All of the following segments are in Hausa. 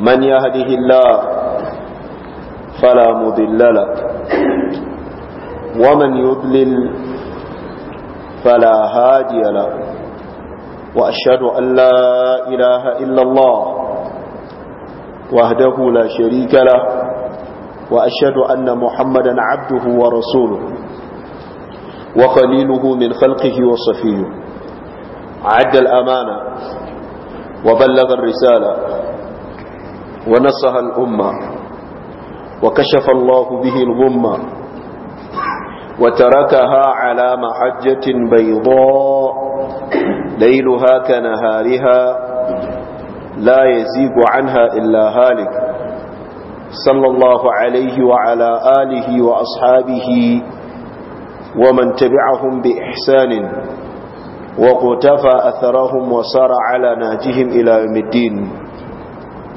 من يهده الله فلا مضل له ومن يضلل فلا هادي له وأشهد أن لا إله إلا الله وحده لا شريك له وأشهد أن محمدا عبده ورسوله وخليله من خلقه وصفيه عد الأمانة وبلغ الرسالة ونصها الأمة وكشف الله به الغمة وتركها على محجة بيضاء ليلها كنهارها لا يزيغ عنها إلا هالك صلى الله عليه وعلى آله وأصحابه ومن تبعهم بإحسان وقتفى أثرهم وصار على ناجهم إلى يوم الدين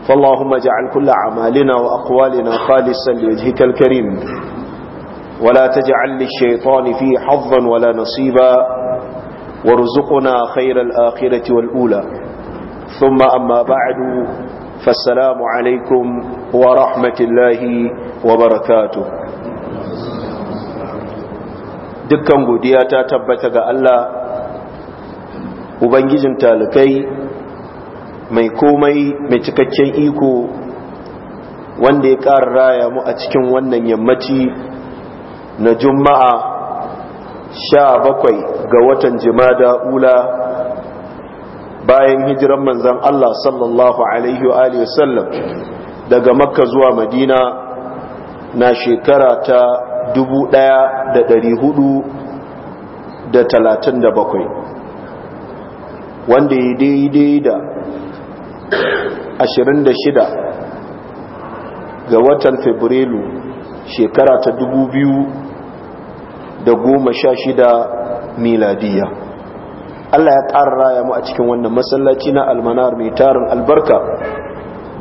فاللهم اجعل كل اعمالنا وأقوالنا خالصا لوجهك الكريم ولا تجعل للشيطان فيه حظا ولا نصيبا وارزقنا خير الآخرة والأولى ثم أما بعد فالسلام عليكم ورحمة الله وبركاته dukkan godiya ta الله ga تالكي mai komai mai cikakken iko wanda ya ƙara raya mu a cikin wannan yammaci na juma'a sha bakwai ga watan jimada ula bayan hijiran manzan Allah sallallahu Alaihi wasallam daga makka zuwa madina na shekara ta dubu ɗaya da hudu da talatin da bakwai, wanda ya daidai da 26 ga watan fabrilu shekara ta 2016 miladiya Allah ya ƙara raya mu a cikin wannan masallaci na almanar mai tarin albarka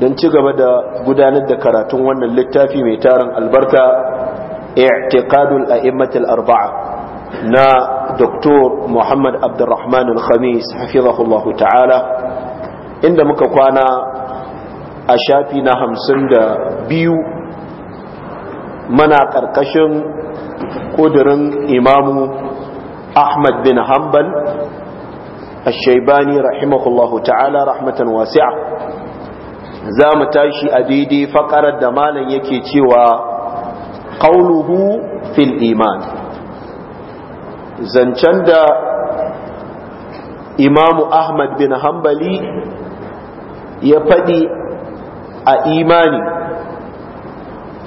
don ci gaba da gudanar da karatun wannan littafi mai tarin albarka i'tiqadul a'immatul arba'a na Dr. Muhammad Abdulrahman Al-Khamis hafizahullahu ta'ala inda muka kwana a shafi na hamsin da biyu mana ƙarƙashin ƙudurin imamu ahmad bin hanbal a rahimahullahu ta'ala rahmatan wasi'a za mu tashi a daidai faƙarar da malam yake cewa ƙauluhu fil iman zancen da imamu ahmad bin hanbali ya faɗi a imani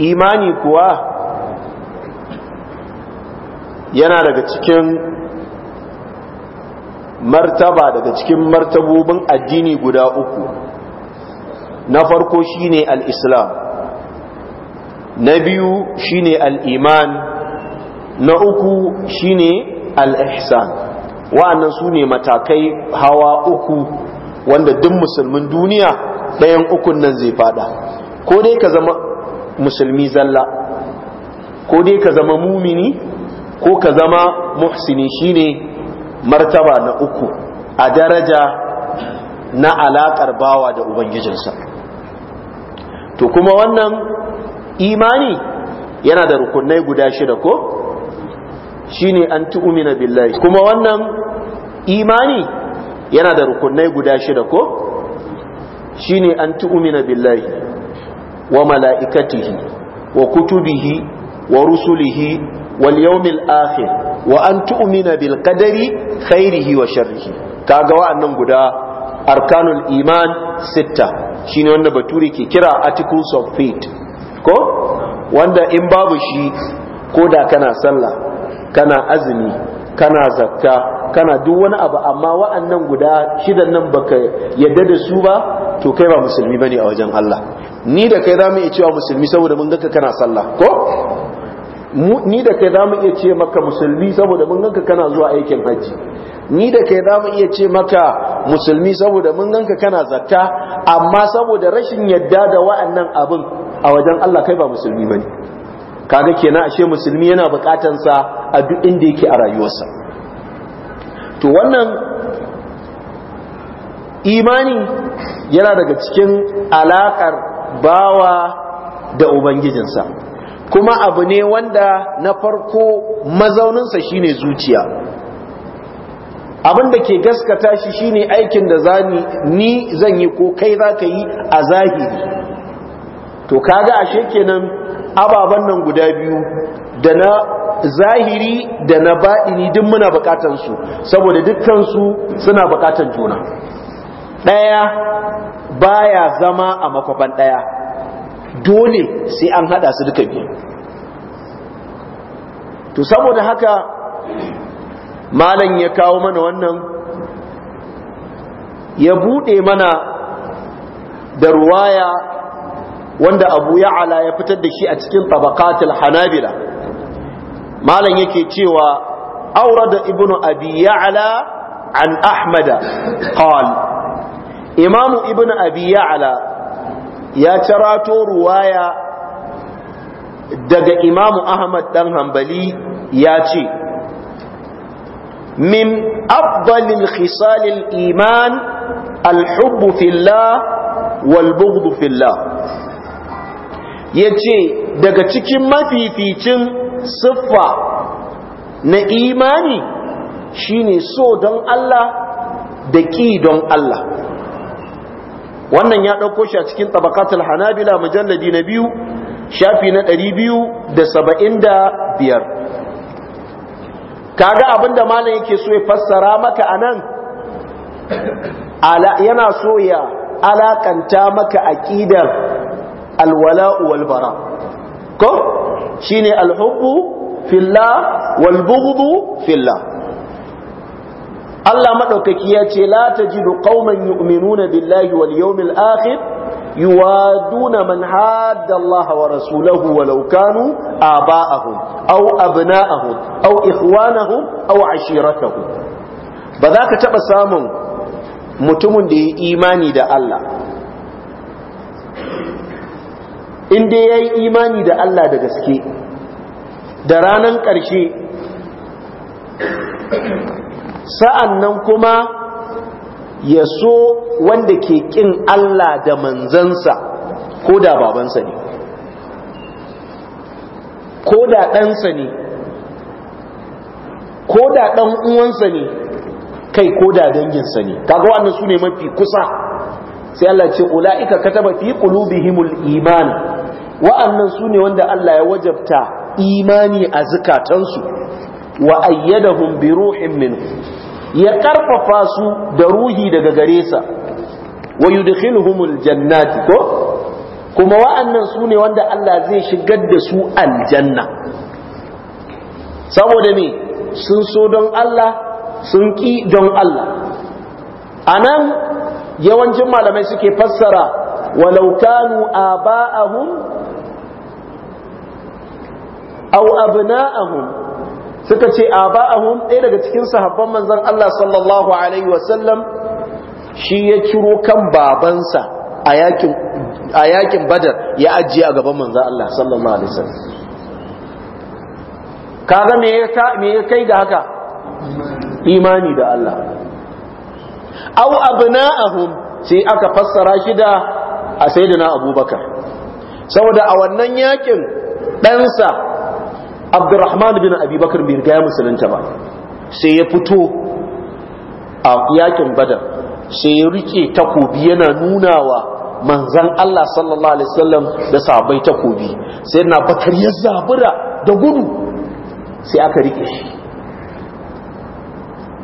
imani kuwa yana daga cikin martaba daga cikin martabobin addini guda uku na farko shine al-islam na biyu shine al-iman na uku shine al-ihsan wa'annan su ne matakai hawa uku wanda duk musulmin duniya ɗayan ukun nan zai fada ko dai ka zama musulmi zalla ko dai ka zama mumini ko ka zama muhsini shine martaba na uku a daraja na alaƙar bawa da ubangijinsa to kuma wannan imani yana da rukunai guda shida ko shine an tu'mina billahi kuma wannan imani yana da rukunai guda shida ko shine an tu'mina billahi wa mala'ikatihi wa kutubihi wa rusulihi wal yawmil akhir wa an tu'mina bil qadari khairihi wa sharrihi kaga wa'annan guda arkanul iman sitta shine wanda bature ke kira articles of faith ko wanda in babu shi ko da kana sallah kana azumi kana zakka kana duk wani abu amma wa'annan guda shidan nan baka yadda da su ba to kai ba musulmi bane a wajen Allah ni da kai zamu iya cewa musulmi saboda mun ganka kana sallah ko ni da kai zamu iya ce maka musulmi saboda mun ganka kana zuwa aikin haji ni da kai zamu iya ce maka musulmi saboda mun ganka kana zakka amma saboda rashin yadda da wa'annan abin a wajen Allah kai ba musulmi bane kaga kenan ashe musulmi yana bukatansa a duk inda yake a rayuwarsa to wannan imani yana daga cikin alaƙar bawa da ubangijinsa kuma abu ne wanda na farko mazauninsa shine zuciya abin da ke gaskata shi shine aikin da zani ni zan yi ko kai za ka yi a zahiri to kaga ashe kenan ababen nan guda biyu da na zahiri da na baɗini duk muna bukatan su saboda dukkan suna bukatan juna ɗaya baya zama a makwaban ɗaya dole sai an haɗa su duka biyu to saboda haka malam ya kawo mana wannan ya buɗe mana da ruwaya wanda abu ya'ala ya fitar da shi a cikin tabakatul hanabila malam yake cewa aurada ibnu abi ya'la an ahmada imamu ibnu abi ya'la ya tarato ruwaya daga imamu ahmad dan hanbali ya ce min afdalil khisalil iman alhubbu fillah wal bughdu fillah yace daga cikin mafificin siffa na imani shine so don Allah da ƙi don Allah wannan ya ɗauko shi a cikin tabakatul hanabila mujalladi na biyu shafi na ɗari biyu da saba'in da biyar kaga abinda malam yake so ya fassara maka a nan yana so ya alakanta maka aƙidar alwala'u walbara ko shine alhubbu fillah wal fillah Allah madaukaki ya ce la tajidu qauman yu'minuna billahi wal yawmil akhir yuwaduna man hadda Allah wa rasulahu walau kanu aba'ahum aw abna'ahum aw ikhwanahum aw ashiratahum ba za ka taba samun mutumin da ya imani da Allah in dai yayi imani da Allah da gaske da ranan ƙarshe sa'an nan kuma ya so wanda ke ƙin Allah da manzansa ko da babansa ne ko da ɗansa ne ko da ɗan uwansa ne kai ko da danginsa ne kaga wannan su ne mafi kusa sai Allah ce ula'ika kataba fi qulubihimul iman wa'annan su ne wanda Allah ya wajabta imani a zukatansu wa ayyadahum bi ruhin min ya ƙarfafa su da ruhi daga gare sa wa humul jannati ko kuma wa'annan su ne wanda Allah zai shigar da su aljanna saboda me sun so don Allah sun ƙi don Allah a nan yawancin malamai suke fassara walaukanu a ba'ahun aw abna'ahum suka ce aba'ahum ɗaya daga cikin sahabban manzon Allah sallallahu alaihi wasallam shi ya ciro kan babansa a yakin a yakin badar ya ajiye a gaban manzon Allah sallallahu alaihi wasallam kaga me ya kai ga haka imani da Allah aw abna'ahum sai aka fassara shi da a sayyidina Abubakar saboda a wannan yakin ɗansa abdurrahman bin abubakar bai riga ya musulunta ba sai ya fito a yakin badar sai ya rike takobi yana nunawa manzan Allah sallallahu alaihi wasallam da sabai takobi sai na bakar ya zabura da gudu sai aka rike shi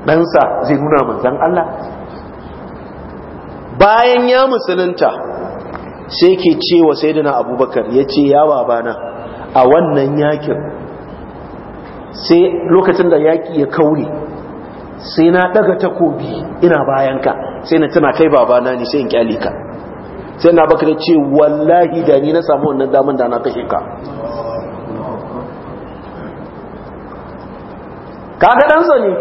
ɗansa zai nuna manzan Allah bayan ya musulunta sai ke cewa sayyidina abubakar ya ce ya babana a wannan yakin sai lokacin da yaƙi ya kauri sai na ɗaga takobi ina bayanka sai na tana kai babana ne sai in kyale ka sai na baka da ce wallahi da ni na samu wannan daman da na kashe ka kaga ɗansa ne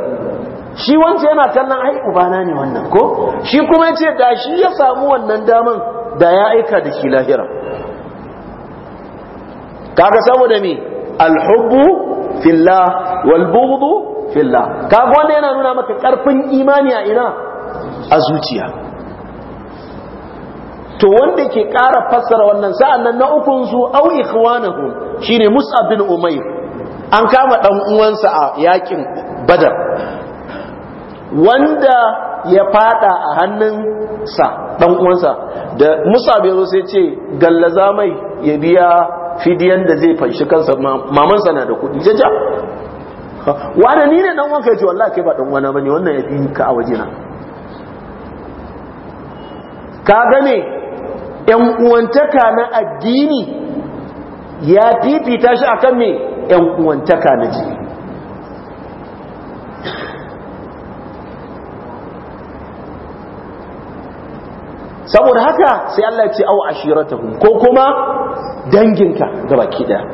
shi wancan yana tannan ai ubana ne wannan ko shi kuma ce da shi ya samu wannan daman da ya aika da shi lahira kaga saboda me alhubbu Filla wal filla fillah wanda yana nuna maka karfin imani a ina a zuciya to wanda ke ƙara fassara wannan sa'annan na ukun su au ikhwanahum shine Mus'ab bin Umayr an kama dan uwansa a yakin Badar wanda ya fada a hannun sa dan uwansa da Mus'ab yazo sai ce gallaza mai ya biya fidiyan da zai fanshi kansa mamansa na da kuɗi jaja wani ni ne dan wanka ce wallahi kai ba dan wani bane wannan ya fi ka a wajena ka gane yan uwantaka na addini ya fifita shi akan me yan uwantaka na jini saboda haka sai Allah ya ce aw ashiratahum ko kuma danginka gabaki daya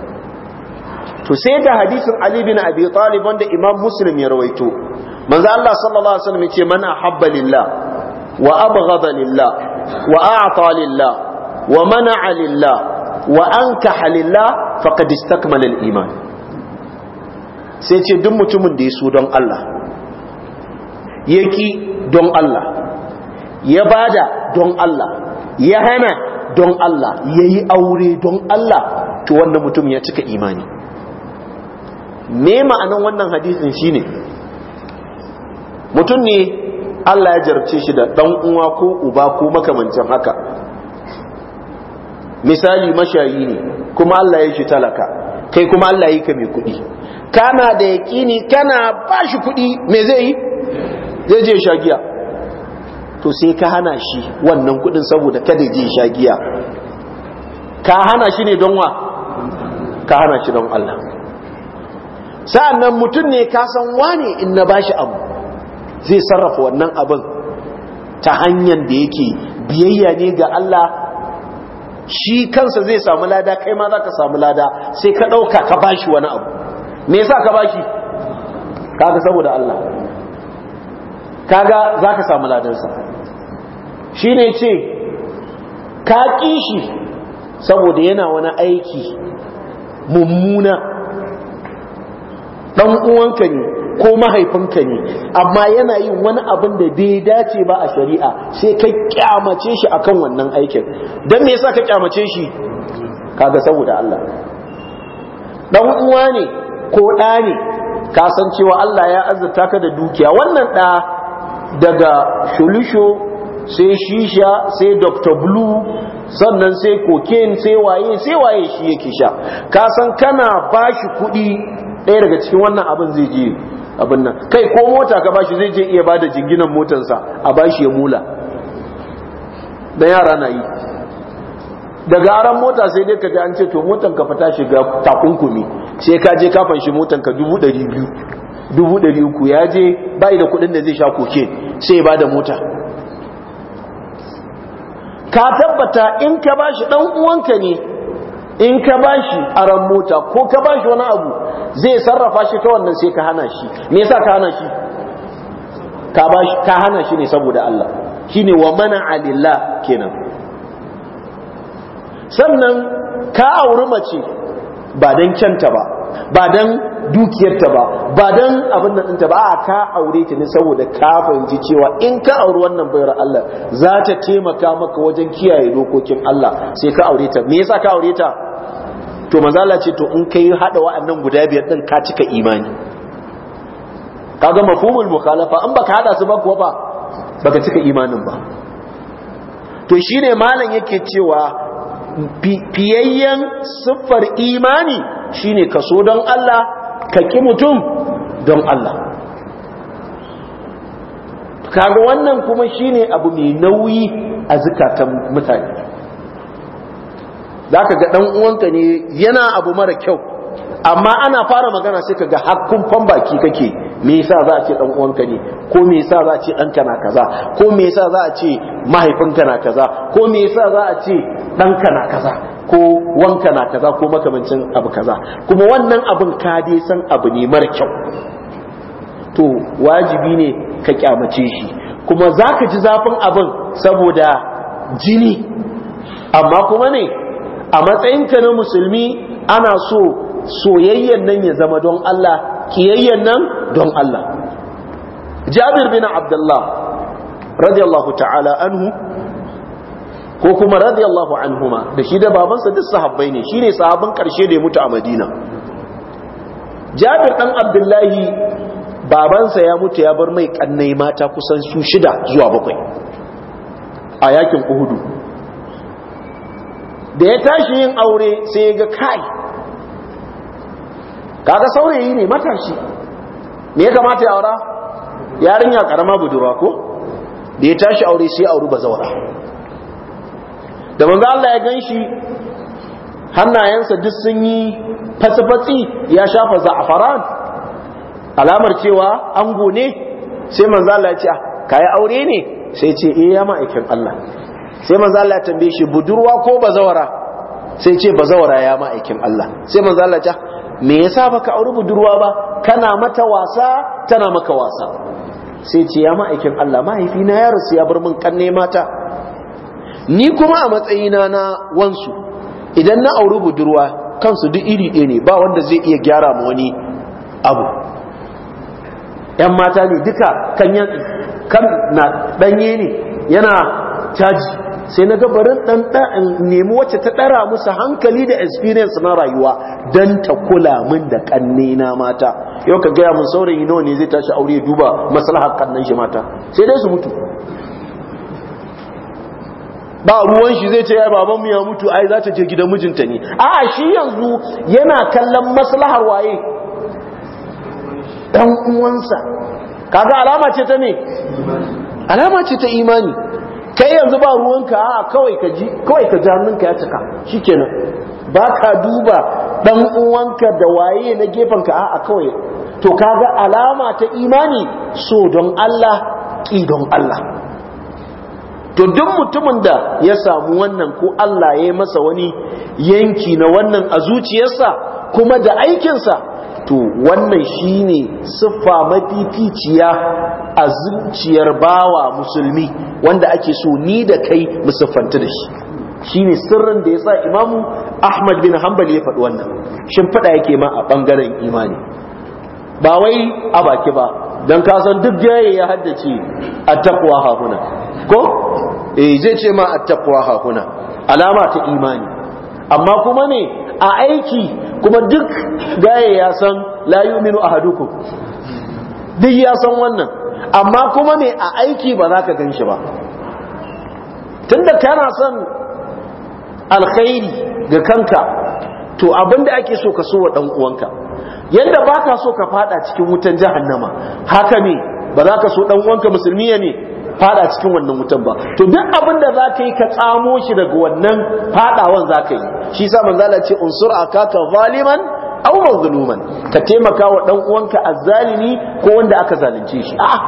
to sai da hadisin Ali bin Abi Talib wanda Imam Muslim ya rawaito manzo Allah sallallahu alaihi wasallam ya ce man ahabba lillah wa abghada lillah wa a'ta lillah wa mana'a lillah wa ankaha lillah faqad istakmala al-iman sai ce duk mutumin da ya so don Allah yaki don Allah ya bada don Allah ya hana don Allah ya yi aure don Allah to wannan mutum ya cika imani me ma'anan wannan hadisin shine mutum ne Allah ya jarce shi da ɗan uwa ko uba ko makamancin haka misali mashayi ne kuma Allah ya shi talaka kai kuma Allah ya ka mai kuɗi kana da yaƙini kana ba shi kuɗi me zai yi zai je shagiya to sai ka hana shi wannan kudin saboda kada je sha giya ka hana shi ne don wa ka hana shi don Allah sa'annan mutum ne ka san wane in na bashi abu zai sarrafa wannan abin ta hanyar da yake biyayya ne ga Allah shi kansa zai samu lada kai ma zaka samu lada sai ka dauka ka bashi wani abu me yasa ka bashi kaga saboda Allah kaga zaka samu ladansa Shi ne ce ka kishi saboda yana wani aiki mummuna ɗan uwanka ne ko mahaifinka ne amma yana yin wani abin da bai dace ba a shari'a sai ka kyamace shi akan wannan aikin don me yasa ka kyamace shi kaga saboda Allah ɗan uwa ne ko ɗa ne ka san cewa Allah ya azurta ka da dukiya wannan ɗa daga shulusho sai shisha sai dr blue sannan sai cocaine sai waye sai waye shi yake sha ka san kana bashi kuɗi ɗaya daga cikin wannan abin zai je abin nan kai ko mota ka bashi zai je iya bada jinginan motansa a bashi ya mula da yara na yi daga aran mota sai dai ka ji an ce to motan ka fata shiga takunkumi sai ka je kafan shi motan ka dubu ɗari biyu dubu ɗari uku ya je bai da kuɗin da zai sha koke sai ya bada mota ka tabbata in ka bashi dan uwanka ne in ka bashi ran mota ko ka bashi wani abu zai sarrafa shi ta wannan sai ka hana shi me yasa ka hana shi ka hana shi ne saboda Allah shine wa mana lillah kenan sannan ka auri mace ba dan kyanta ba ba don dukiyarta ba ba don abin daɗinta ɗinta ba a ka aure ta ne saboda ka fahimci cewa in ka auri wannan bayar Allah za ta taimaka maka wajen kiyaye dokokin Allah sai ka aure ta me yasa ka aure ta to manzala ce to in kai hada wa'annan guda biyar din ka cika imani Ka kaga mafhumul mukhalafa in baka haɗa su ba kuwa ba baka cika imanin ba to shine malam yake cewa fiyayyen siffar imani shine kaso don Allah ka ƙi mutum don Allah kaga wannan kuma shine abu mai nauyi a zukatan mutane za ka ga ɗan'uwanka uwanka ne yana abu mara kyau amma ana fara magana sai ka ga hakkun fambaki baki kake me yasa za a ce dan uwanka ne ko me yasa za a ce ɗanka na kaza ko me yasa za a ce mahaifinka na kaza ko me yasa za a ce ɗanka na kaza ko wanka na kaza ko makamancin abu kaza kuma wannan abin ka dai san abu ne mara kyau to wajibi ne ka kyamace shi kuma za ka ji zafin abin saboda jini amma kuma ne a matsayinka na musulmi ana so soyayyen nan ya zama don Allah kiyayyen nan don Allah Jabir bin Abdullah radiyallahu ta'ala anhu ko kuma radiyallahu anhuma da shi da babansa duk sahabbai ne shine sahabban karshe da ya mutu a Madina Jabir dan Abdullahi babansa ya mutu ya bar mai kannai mata kusan su shida zuwa bakwai a yakin Uhudu da ya tashi yin aure sai ya ga kai kaga saurayi ne matashi me ya kamata ya aura yarinya karama budurwa ko da ya tashi aure sai auri bazawara da manzo Allah ya ganshi hannayensa duk sun yi fasfatsi ya shafa za'afaran alamar cewa ango ne sai manzo Allah ya ce ah, kai aure ne sai ce eh ya ma'aikin Allah sai manzo Allah ya tambaye shi budurwa ko bazawara sai ce bazawara ya ma'aikin Allah sai manzo Allah ya ce ah, me yasa baka auri budurwa ba kana mata wasa tana maka wasa sai ce ya ma'aikin Allah mahaifina ya rasu ya bar min kanne mata ni kuma a matsayina na wansu idan na auri budurwa kansu duk iri ɗaya ne ba wanda zai iya gyara ma wani abu yan mata ne duka kan na ɗanye ne yana caji sai na gabarin ɗan nemi wacce ta ɗara musu hankali da experience na rayuwa don ta kula min da ƙanne na mata yau ka gaya mun saurayi nawa ne zai tashi aure duba maslahar ƙannan shi mata sai dai su mutu ba ruwan shi zai ce ya babanmu ya mutu ai za ta je gidan mijinta ne a shi yanzu yana kallon maslahar waye ɗan uwansa kaga alama ce ta ne alama ce ta imani kai yanzu ba ruwanka a kawai ka ji kawai ka ji hannunka ya cika shikenan ba ka duba ɗan uwanka da waye na gefanka a kawai to kaga alama ta imani so don Allah ƙi don Allah to duk mutumin da ya samu wannan ko Allah ya yi masa wani yanki na wannan a zuciyarsa kuma da aikinsa to wannan shine siffa mafificiya a zuciyar bawa musulmi wanda ake so ni da kai mu da shi shine sirrin da ya sa imamu ahmad bin hanbal ya faɗi wannan shin faɗa yake ma a ɓangaren imani ba wai a baki ba don kasan duk jaye ya haddace a takwa hakuna ko eh zai ce ma a takwa hakuna alama ta imani amma kuma ne a aiki kuma duk gaye ya san minu a haduku duk ya san wannan amma kuma ne a aiki ba za ka gan shi ba tunda kana son alkhairi ga kanka to abinda ake so ka so wa ɗan’uwanka uwanka ba ka so ka fada cikin wutan jahannama haka ne ba za ka so ɗan'uwanka uwanka ne fada cikin wannan wutan ba to duk abin da za ka yi ka tsamo shi daga wannan fadawan za ka yi shi sa manzala ce unsur akaka zaliman aw mazluman ka taimaka wa dan uwanka azzalimi ko wanda aka zalunce shi a'a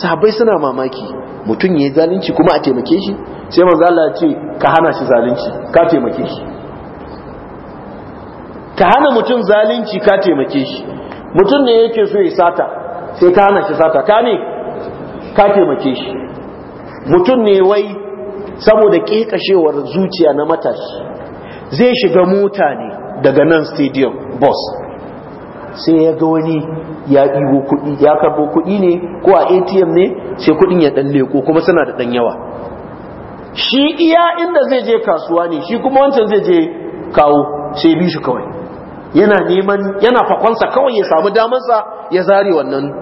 sahabbai suna mamaki mutum yayi zalunci kuma a taimake shi sai manzala ce ka hana shi zalunci ka taimake shi ka hana mutum zalunci ka taimake shi mutum ne yake so ya sata sai ka hana shi sata ka ne ka taimake shi mutum ne wai saboda kekashewar zuciya na matashi zai shiga mota ne daga nan stadium bus sai ya ga wani ya ɗigo kuɗi ya karbo kuɗi ne ko a atm ne sai kuɗin ya ɗan leko kuma suna da ɗan yawa shi iya inda zai je kasuwa ne shi kuma wancan zai je kawo sai bi shi kawai yana neman yana fakonsa kawai ya samu damansa ya zare wannan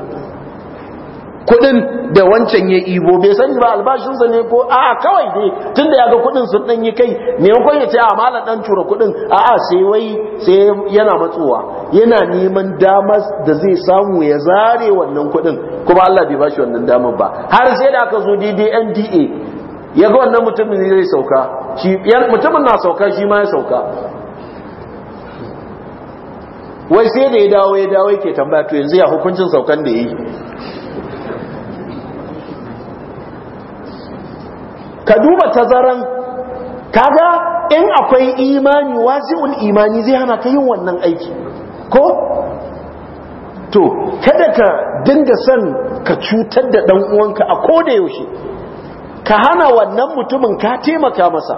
kudin da wancan ya ibo bai sani ba albashinsa ne ko a kawai dai tunda ya ga kudin sun dan yi kai maimakon ya ce a malam dan tura kudin a a sai wai sai yana matsowa yana neman damar da zai samu ya zare wannan kudin kuma Allah bai bashi wannan damar ba har sai da aka zo daidai NDA ya ga wannan mutumin zai sauka shi mutumin na sauka shi ma ya sauka wai sai da ya dawo ya dawo yake tambaya to yanzu ya hukuncin saukan da yi ka duba tazaran kaga in akwai imani wasi'ul imani zai hana ka yin wannan aiki ko to kada ka dinga son ka cutar da dan uwanka a koda yaushe ka hana wannan mutumin ka taimaka masa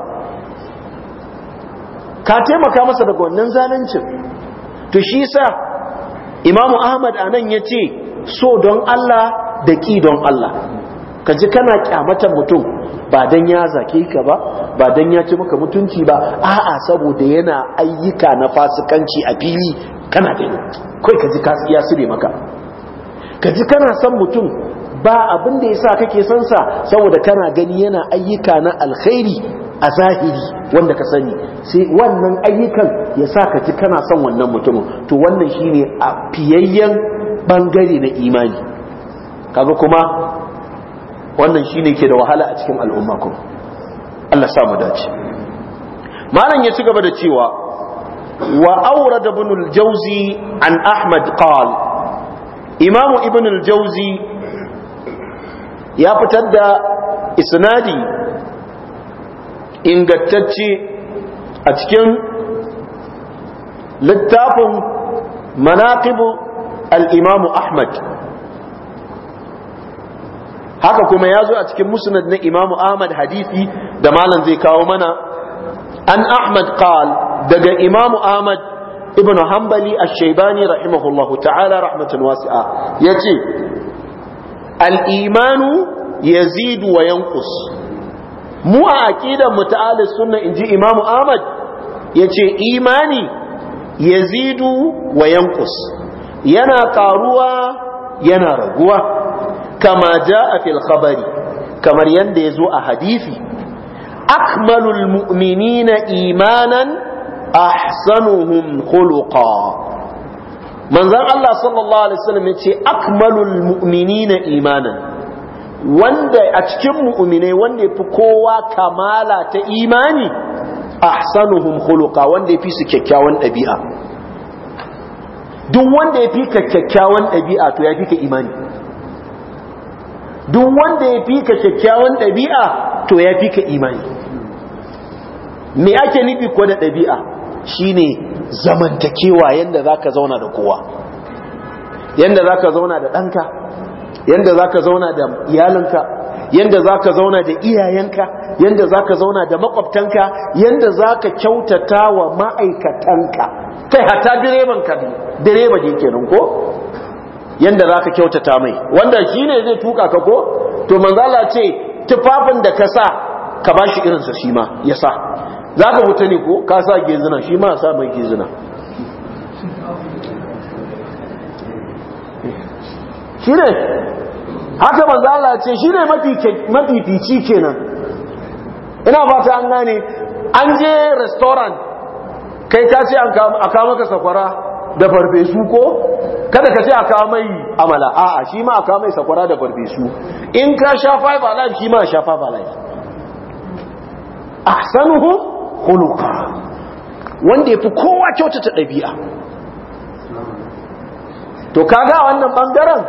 ka taimaka masa daga wannan zalunci to shi yasa imamu ahmad anan yace so don Allah da ki don Allah ka ji kana kyamatan mutum ba dan ya zake ka ba ba dan ya ci maka mutunci ba a'a saboda yana ayyuka na fasikanci a fili kana gani kai ka ji ya sire maka ka ji kana son mutum ba abinda da yasa kake son sa saboda kana gani yana ayyuka na alkhairi a zahiri wanda ka sani sai wannan ayyukan ya sa ka ji kana son wannan mutumin to wannan shine a fiyayyen bangare na imani kaga kuma wannan ne ke da wahala a cikin al'umma kuma Allah sa mu dace malam ya ci gaba da cewa wa awrad da al an ahmad qal imamu IbnulJauzi ya fitar da isnadi ingantacce a cikin littafin manaqibu al-imamu ahmad haka kuma ya zo a cikin musnad na imamu ahmad hadisi da malam zai kawo mana an ahmad qal daga imamu ahmad ibn hanbali ash-shaybani rahimahullahu ta'ala rahmatan wasi'a yace al-imanu yazidu wa yanqus mu a aqidan mu ta'ala sunna inji imamu ahmad yace imani yazidu wa yanqus yana karuwa yana raguwa kama jaa fil khabari kamar ya zo a hadisi akmalul mu'minina imanan ahsanuhum khuluqa manzon Allah sallallahu alaihi ce yace akmalul mu'minina imanan wanda a cikin mu'minai wanda yafi kowa kamala ta imani ahsanuhum khuluqa wanda yafi su kyakkyawan ɗabi'a duk wanda yafi ka kyakkyawan ɗabi'a to ya yafi ka imani duk wanda ya fi ka kyakkyawan ɗabi'a to ya fi ka imani me ake nufi ko da ɗabi'a Shi ne zamantakewa yadda za ka zauna da kowa yadda za ka zauna da ɗanka yadda za ka zauna da iyalinka za ka zauna da iyayenka yadda za ka zauna da makwabtanka za ka kyautata wa ma'aikatanka kai hata direban ka direba yake nan ko yanda ka kyautata mai wanda shi ne zai tuka ka ko to Manzala ce tufafin da ka sa ka bashi irin sa shi ma ya sa za ka huta ne ko ka sa gezina shi ma sa mai gezina ne haka Manzala ce ce ne mafi mafifici kenan ina fata an gane an je restaurant kai ka ce a kama maka sakwara da farfesu ko kada ka ce a kawo mai amala a'a shi ma a kawo mai sakwara da farfesu in ka sha five alive shi ma sha five alive hu, huluka. wanda ya fi kowa kyautata ɗabi'a to kaga wannan ɓangaren.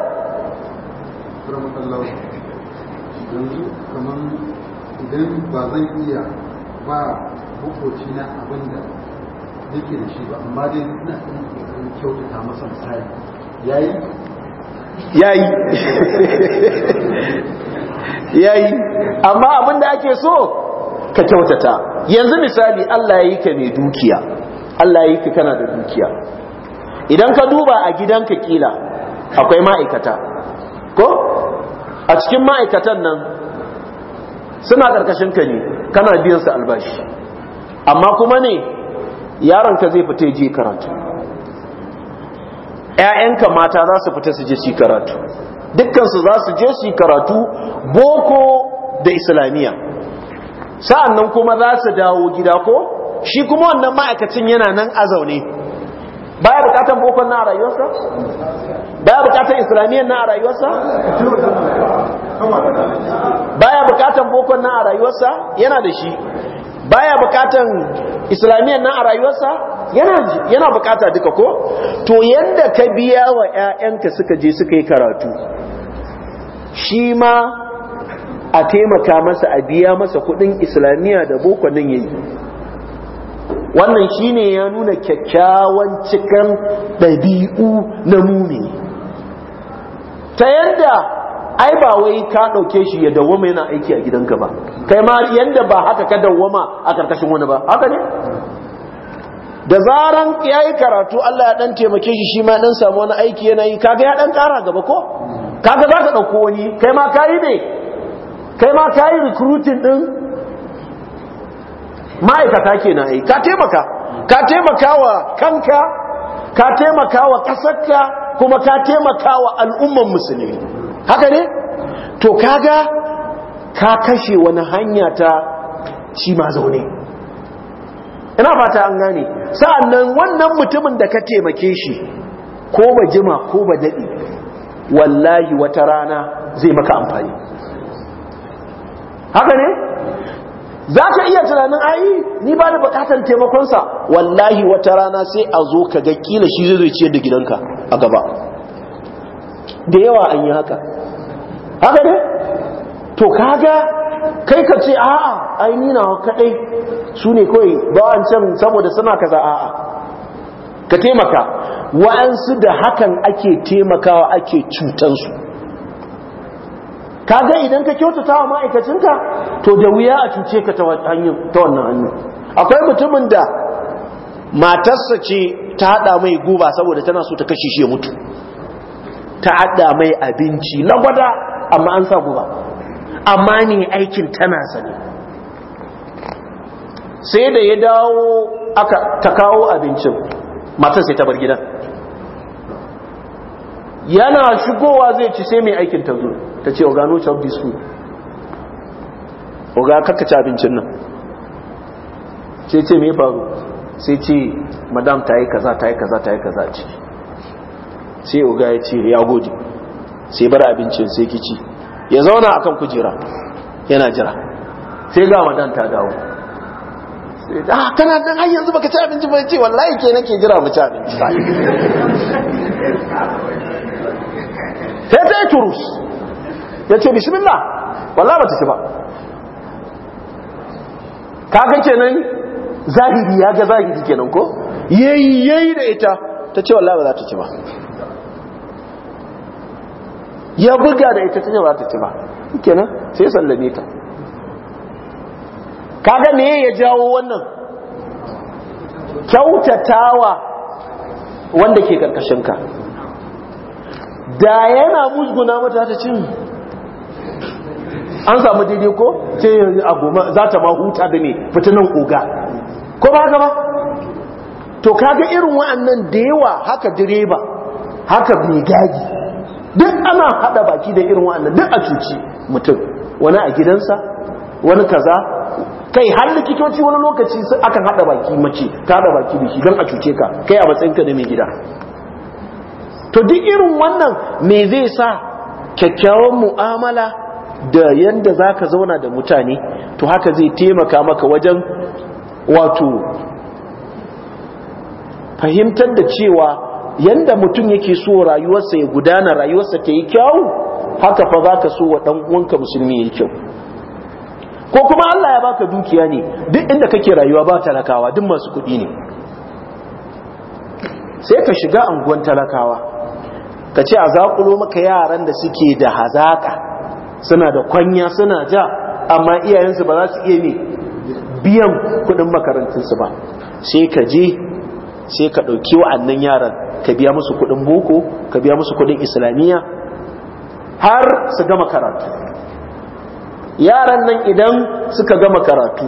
idan ba zai iya ba bukoci na abin da yake da shi ba amma dai ina ɗan kyautata masa misali yayi yayi yayi amma abin da ake so ka kyautata yanzu misali Allah ya yi ka mai dukiya Allah ya yi ka kana da dukiya idan ka duba a gidanka kila akwai ma'aikata ko a cikin ma'aikatan nan suna ƙarƙashin ka ne kana biyan su albashi amma kuma ne yaronka zai fita je karatu ‘ya'yanka mata za su fita su je su karatu dukkansu za su je su karatu boko da islamiyya sa'an nan kuma za su dawo gida ko shi kuma wannan ma'aikacin yana nan a zaune baya bukatan bokon na a rayuwarsa? baya bukatan islamiyyar na a rayuwarsa? baya bukatan bokon na a rayuwarsa yana da shi baya bukatan islamiyyar nan a rayuwarsa yana bukata duka ko to yadda ka biya wa 'ya'yanka suka je suka yi karatu shi ma a taimaka masa a biya masa kudin islamiyya da boko nan yayi wannan shi ne ya nuna kyakkyawan cikin ɗabi'u na mumi ta yadda ai ba wai ka ɗauke shi ya dawoma yana aiki a gidanka ba kai ma yanda ba haka ka dawwama a karkashin wani ba haka ne da zaran yayi karatu Allah ya dan taimake shi shi ma ɗan samu wani aiki yana yi kaga ya ɗan ƙara gaba ko kaga za ka ɗauko wani kai ma ka ne kai ma ka yi recruiting ɗin ma'aikata kenan ai ka taimaka ka taimaka wa kanka ka taimaka wa kuma ka taimaka wa al'umman musulmi haka ne to kaga ka kashe wani hanya ta shi ma zaune ina fata an gane sa'annan wannan mutumin da ka taimake shi ko ba jima ko ba daɗi wallahi wata rana zai maka amfani haka ne za ka iya tunanin ayi ni ba da bukatar taimakonsa wallahi wata rana sai a zo ka ga kila shi zai ciyar da gidanka a gaba da yawa an yi haka haka ne to kaga kai ka ce a'a ai ni na kadai su ne kawai ba an can saboda suna kaza a'a ka taimaka wa'ansu da hakan ake taimakawa ake cutansu kaga idan ka kyautata wa ma'aikacinka to da wuya a cuce ka ta wannan hanyar akwai mutumin da matarsa ce ta haɗa mai guba saboda tana so ta kashe shi ya mutu ta haɗa mai abinci na gwada, amma an sa guba amma ne aikin tana sani sai da ya dawo aka ta kawo abincin matan sai ta bar gidan yana shigowa zai ci sai mai aikin ta zo ta ce ogano can bisu oga kakkace abincin nan sai ce mai faru sai ce madam ta yi kaza ta yi kaza ta yi kaza ciki sai oga ya ce ya gode sai bar abincin sai kici ya zauna akan kujera yana jira sai ga madan ta dawo sai da ah, kana dan har yanzu baka ci abinci ba ce wallahi ke nake jira mu ci abinci sai sai turus ya ce bismillah wallahi ba ta ci ba Ka ga kenan zahiri ya ga zahiri kenan ko yayi yayi da ita ta ce wallahi ba za ta ci ba ya buga da ita ta ba ta ci ba kenan sai sallame ta kaga me ya jawo wannan kyautatawa wanda ke ka, da yana musguna mata ta cin an samu daidai ko ce goma za ta ma huta da ne fitinan koga ko ba gaba to kaga irin wa'annan da yawa haka direba haka mai gagi duk ana hada baki da irin wa'annan duk a cuci mutum wani a gidansa wani kaza kai har likitoci wani lokaci su akan hada baki mace ta hada baki da shi don a cuce ka kai a matsayinka da mai gida to duk irin wannan me zai sa kyakkyawan mu'amala da yadda za ka zauna da mutane to haka zai taimaka maka wajen wato fahimtar da cewa yanda mutum yake so rayuwarsa ya gudana rayuwarsa ta yi kyau haka fa za ka so wa ɗan uwanka musulmi ya kyau ko kuma Allah ya baka dukiya ne duk inda kake rayuwa ba talakawa duk masu kuɗi ne sai ka shiga anguwan talakawa ka ce a zaƙulo maka yaran da suke da hazaƙa suna da kwanya suna ja amma iyayensu ba za su iya ne biyan kuɗin makarantunsu ba sai ka je sai ka ɗauki wa'annan yaran ka biya musu kuɗin boko ka biya musu kuɗin islamiyya har su gama karatu yaran nan idan suka gama karatu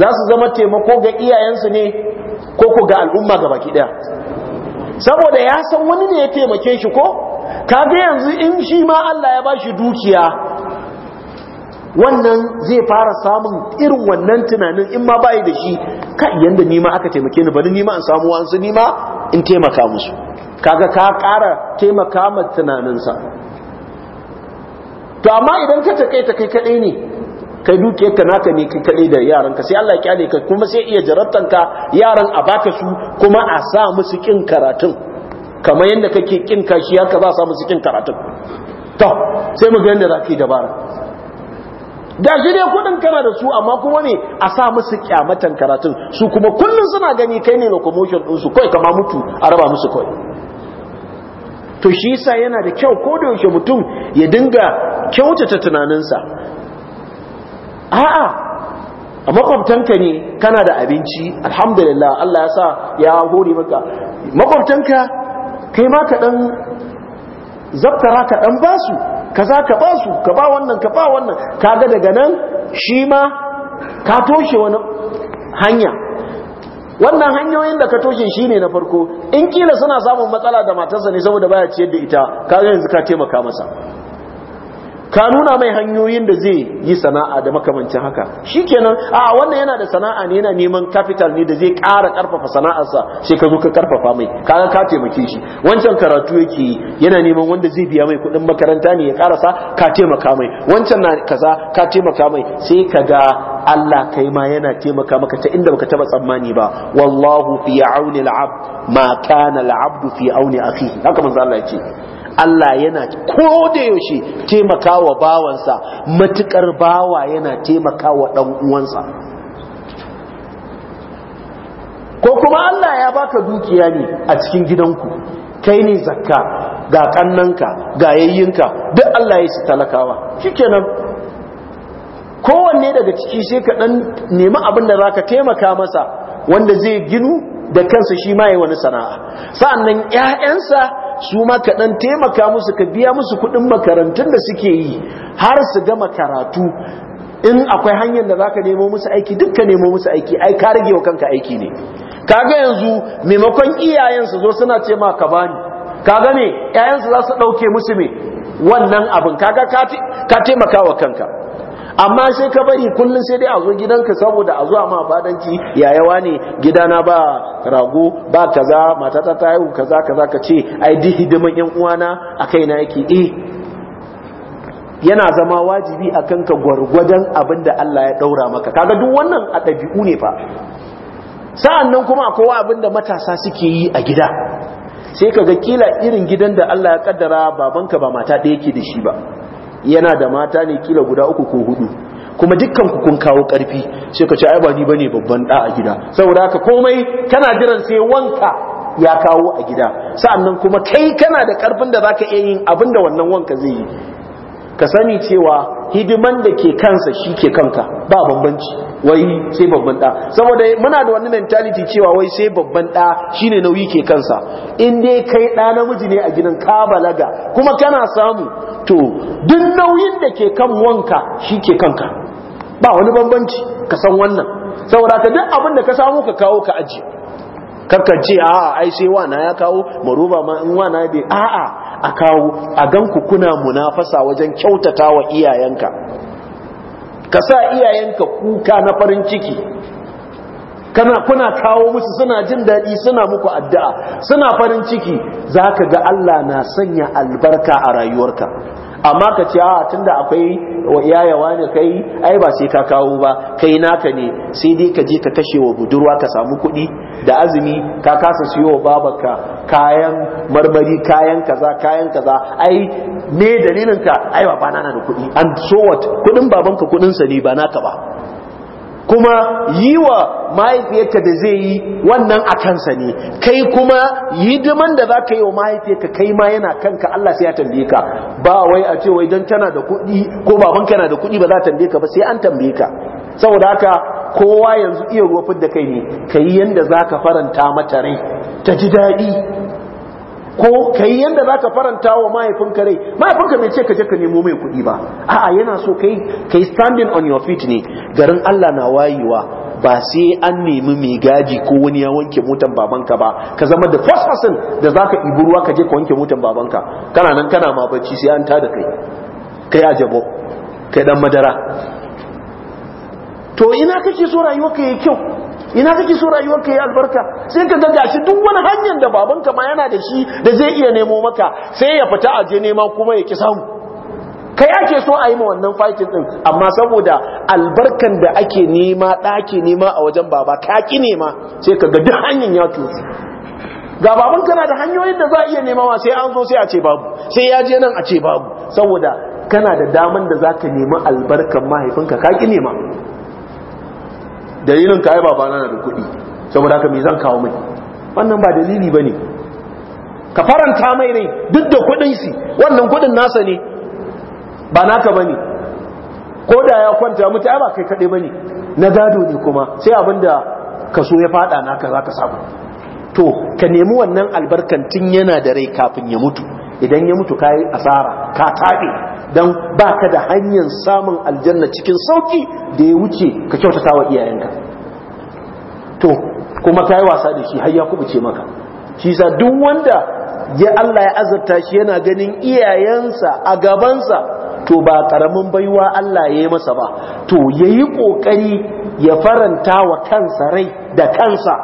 za su zama taimako ga iyayensu ne ko ko ga al'umma gaba ɗaya saboda ya san wani ne ya taimake shi ko kaga yanzu in shi ma Allah ya ba shi dukiya wannan zai fara samun irin wannan tunanin in ma bayi da shi kai yanda nima aka taimake ni bari nima in samu wansu nima in taimaka musu kaga ka kara taimaka ma tunaninsa to amma idan ka takaita kai kadai ne kai duke ka naka ne kai kadai da yaran ka sai Allah ya kyale ka kuma sai iya jarabtan ka yaran a baka su kuma a sa musu kin karatun kamar yadda kake kin kashi haka za a sa musu kin karatun to sai mu ga yanda za ka dabara Da shi dai kudin kana da su amma kuma ne a sa musu kyamatan karatun su kuma kullum suna gani kai ne locomotion ɗinsu kawai kama mutu a raba musu kawai to shi sa yana da kyau ko da yaushe mutum ya dinga kyautata tunaninsa a'a a makwabtanka ne kana da abinci alhamdulillah Allah ya sa ya hore maka makwabtanka kai ma ka dan kaɗan ka dan basu Ka za ka ba su ka ba wannan ka ba wannan kaga daga nan shi ma ka toshe wani hanya wannan hanyoyin da ka toshe shi ne na farko in kila suna samun matsala da matarsa ne saboda baya ciyar da ita kaga yanzu ka taimaka masa ka nuna mai hanyoyin da zai yi sana'a da makamancin haka shi kenan a wannan yana da sana'a ne yana neman capital ne da zai kara karfafa sana'arsa sai ka zo ka ƙarfafa mai kaga ka taimake shi wancan karatu yake yana neman wanda zai biya mai kuɗin makaranta ne ya ƙarasa ka taimaka mai wancan na kaza ka taimaka mai sai ka ga Allah kai ma yana taimaka maka ta inda baka taba tsammani ba wallahu fi auni al ma kana abdu fi auni akhihi haka manzo Allah ya ce Allah yana ko da yaushe taimakawa bawansa matukar bawa yana taimakawa dan uwansa ko kuma Allah ya baka dukiya ne a cikin gidanku kai ne zakka ga kannanka ga yayyinka duk Allah ya ci talakawa shikenan kowanne daga ciki sai ka dan nemi abin da zaka taimaka masa wanda zai ginu da kansa shi ma ya wani sana'a sa'annan ƴaƴansa su ma taimaka musu ka biya musu kuɗin makarantun da suke yi har su gama karatu in akwai hanyar da za ka nemo musu aiki dukka nemo musu aiki ai ka rage wa kanka aiki ne kaga yanzu maimakon iyayen su zo suna ce ma ka bani kaga me iyayen su za su dauke musu me wannan abin kaga ka taimaka wa kanka amma sai ka bari kullum sai dai a zo gidanka saboda a zo ma fadanci yayawa ne gidana ba rago ba kaza mata ta haihu kaza kaza ka ce ai duk hidiman yan uwana a kaina yake eh yana zama wajibi a kanka gwargwadon abin da Allah ya daura maka kaga duk wannan a ɗabi'u ne fa sa'an nan kuma akwai abin da matasa suke yi a gida sai kaga kila irin gidan da Allah ya kaddara babanka ba mata ɗaya ke da shi ba yana da mata ne kila guda uku ko hudu kuma dukkan ku kun kawo karfi sai ka ce ai ba ni bane babban da a gida saboda haka komai kana jiran sai wanka ya kawo a gida sa'annan kuma kai kana da karfin da zaka iya yin abin wannan wanka zai yi ka sani cewa hidiman da ke kansa shi ke kanka ba bambanci wai sai babban da saboda muna da wani mentality cewa wai sai babban da shine nauyi ke kansa in dai kai ɗa namiji ne a gidan ka balaga kuma kana samu to duk nauyin da ke kan wanka shi ke kanka ba wani bambanci ka san wannan saboda ka duk abin da ka samu ka kawo ka aji karkan ce a'a ai sai wana ya kawo maruba ma in wana bai a'a a kawo a ganku kuna munafasa wajen kyautata wa iyayenka ka sa iyayenka kuka na farin ciki kana kuna kawo musu suna jin daɗi suna muku addu'a suna farin ciki za ka ga Allah na sanya albarka a rayuwarka amma ka ce a tunda akwai wa yayawa ne kai ai ba sai ka kawo ba kai naka ne sai dai ka je ka kashe wa budurwa ka samu kuɗi da azumi ka kasa siyo babaka kayan marmari kayan kaza kayan kaza ai me dalilinka ai ba na da kuɗi and so what kuɗin babanka kuɗinsa ne ba naka ba kuma yi wa mahaifiyarka da zai yi wannan a kansa ne kai kuma yi hidiman da za ka yi wa mahaifiyarka kai ma yana kanka Allah sai ya tambaye ka ba wai a ce wai don tana da kuɗi ko baban kana da kuɗi ba za tambaye ka ba sai an tambaye ka saboda haka kowa yanzu iya ruwa da kai ne ka yi yanda za ka faranta mata rai ta ji daɗi ko kai yanda zaka faranta wa mahaifinka rai mahaifinka mai ce ka je ka nemo mai kuɗi ba a'a yana so kai kai standing on your feet ne garin Allah na wayewa ba sai an nemi mai gaji ko wani ya wanke motan babanka ba ka zama da first person da zaka ibi ruwa ka je ka wanke motan babanka kana nan kana ma bacci sai an tada kai kai ajabo kai dan madara to ina kake so rayuwarka yayi kyau ina kake so rayuwarka ya albarka sai ka ga gashi duk wani hanyar da babanka ma yana da shi da zai iya nemo maka sai ya fita aje nema kuma ya ki samu kai ake so a yi ma wannan fighting din amma saboda albarkan da ake nema ɗaki nema a wajen baba ka ki nema sai ka ga duk hanyar ya tozu ga baban kana da hanyoyin da za a iya nema ma sai an zo sai a ce babu sai ya je nan a ce babu saboda kana da daman da za ka nemi albarkan mahaifinka ka ki nema dalilin ka ai babana da kuɗi saboda haka me zan kawo mai wannan ba dalili bane ka faranta mai ne duk da kuɗin shi wannan kuɗin nasa ne ba naka bane ko da ya kwanta mutu ai ba kai kaɗai bane na gado ne kuma sai abinda kaso ya faɗa naka zaka samu to ka nemi wannan albarkantin yana da rai kafin ya mutu idan ya mutu kai asara ka tabe don ba ka da hanyar samun aljanna cikin sauki da ya wuce ka kyautata wa iyayenka to kuma ka yi wasa da shi har ya kubuce maka shi sa duk wanda ya Allah ya azurta shi yana ganin iyayensa a gabansa to ba karamin baiwa Allah ya yi masa ba to ya yi ƙoƙari ya faranta wa kansa rai da kansa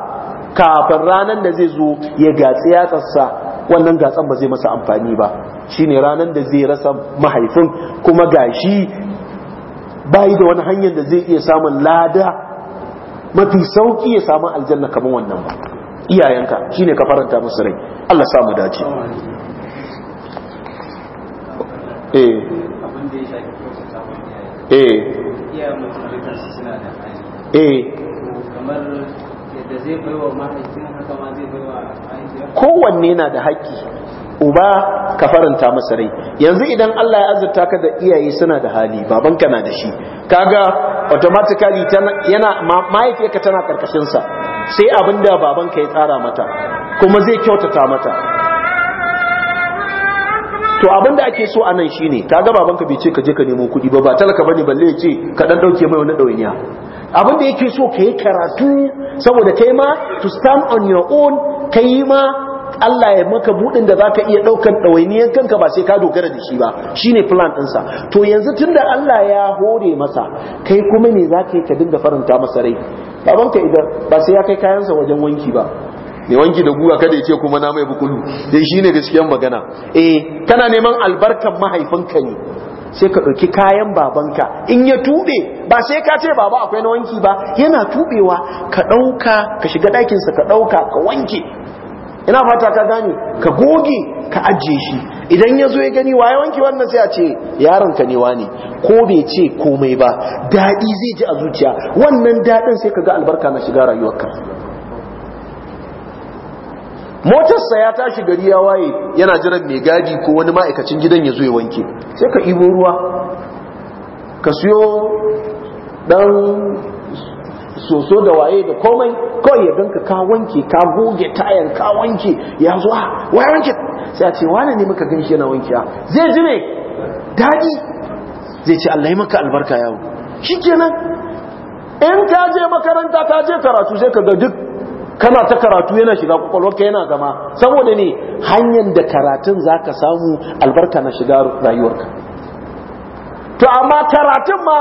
kafin ranar da zai zo ya gatsi yatsarsa wannan gatsan ba zai masa amfani ba shine ranar da zai rasa mahaifin kuma gashi bayi da wani hanyar da zai iya samun lada mafi sauki ya samu aljanna kamar wannan ba iyayenka shine ka faranta musu rai Allah samu dace eh. Eh. Eh. kowanne na da haƙƙi uba ka faranta masa rai yanzu idan Allah ya azurta ka da iyaye suna da hali babanka na da shi kaga automatically yana mahaifiyarka tana karkashin sa sai abinda babanka ya tsara mata kuma zai kyautata mata to abinda ake so a nan shine kaga babanka bai ce ka je ka nemo kuɗi ba ba talaka bane balle ya ce ka dan dauke mai wani ɗawainiya abinda yake so ka yi karatu saboda kai ma to stand on your own kai ma Allah ya maka budin da zaka iya ɗaukan dawainiyan kanka ba sai ka dogara da shi ba shine plan din sa. to yanzu tunda Allah ya hore masa kai kuma ne zaka yi ka dinga faranta masa rai babanka idan ba sai ya kai kayansa wajen wanki ba Me wanki da guga kada ya ce kuma na mai bukulu dai eh, shine gaskiyar magana eh kana neman albarkar mahaifinka ne sai ka ɗauki kayan babanka in ya tuɓe ba sai ka ce baba akwai na wanki ba yana tuɓewa ka ɗauka ka shiga ɗakinsa ka ɗauka ka wanke ina fata ka gane ka goge ka ajiye shi idan ya zo ya gani waye wanke wannan sai a ce yaron ka ne ne ko bai ce komai ba daɗi zai ji a zuciya wannan daɗin sai ka ga albarka na shiga rayuwarka motarsa ya tashi gari ya waye yana jiran mai gadi ko wani ma'aikacin gidan ya zo ya wanke sai ka ibo ruwa ka siyo ɗan. soso da waye da komai kawai ya ganka ka wanke ka goge tayar ka wanke ya zo ha ah, waye wanke sai a ce wane ne muka ganshi yana wanke ha zai ji ne daɗi zai ce Allah yi maka albarka yawo kenan in ka je makaranta ka je karatu sai ka ga duk kana ta karatu yana shiga kwakwalwarka yana zama saboda ne hanyar da karatun za ka samu albarka na shiga rayuwarka to amma karatun ma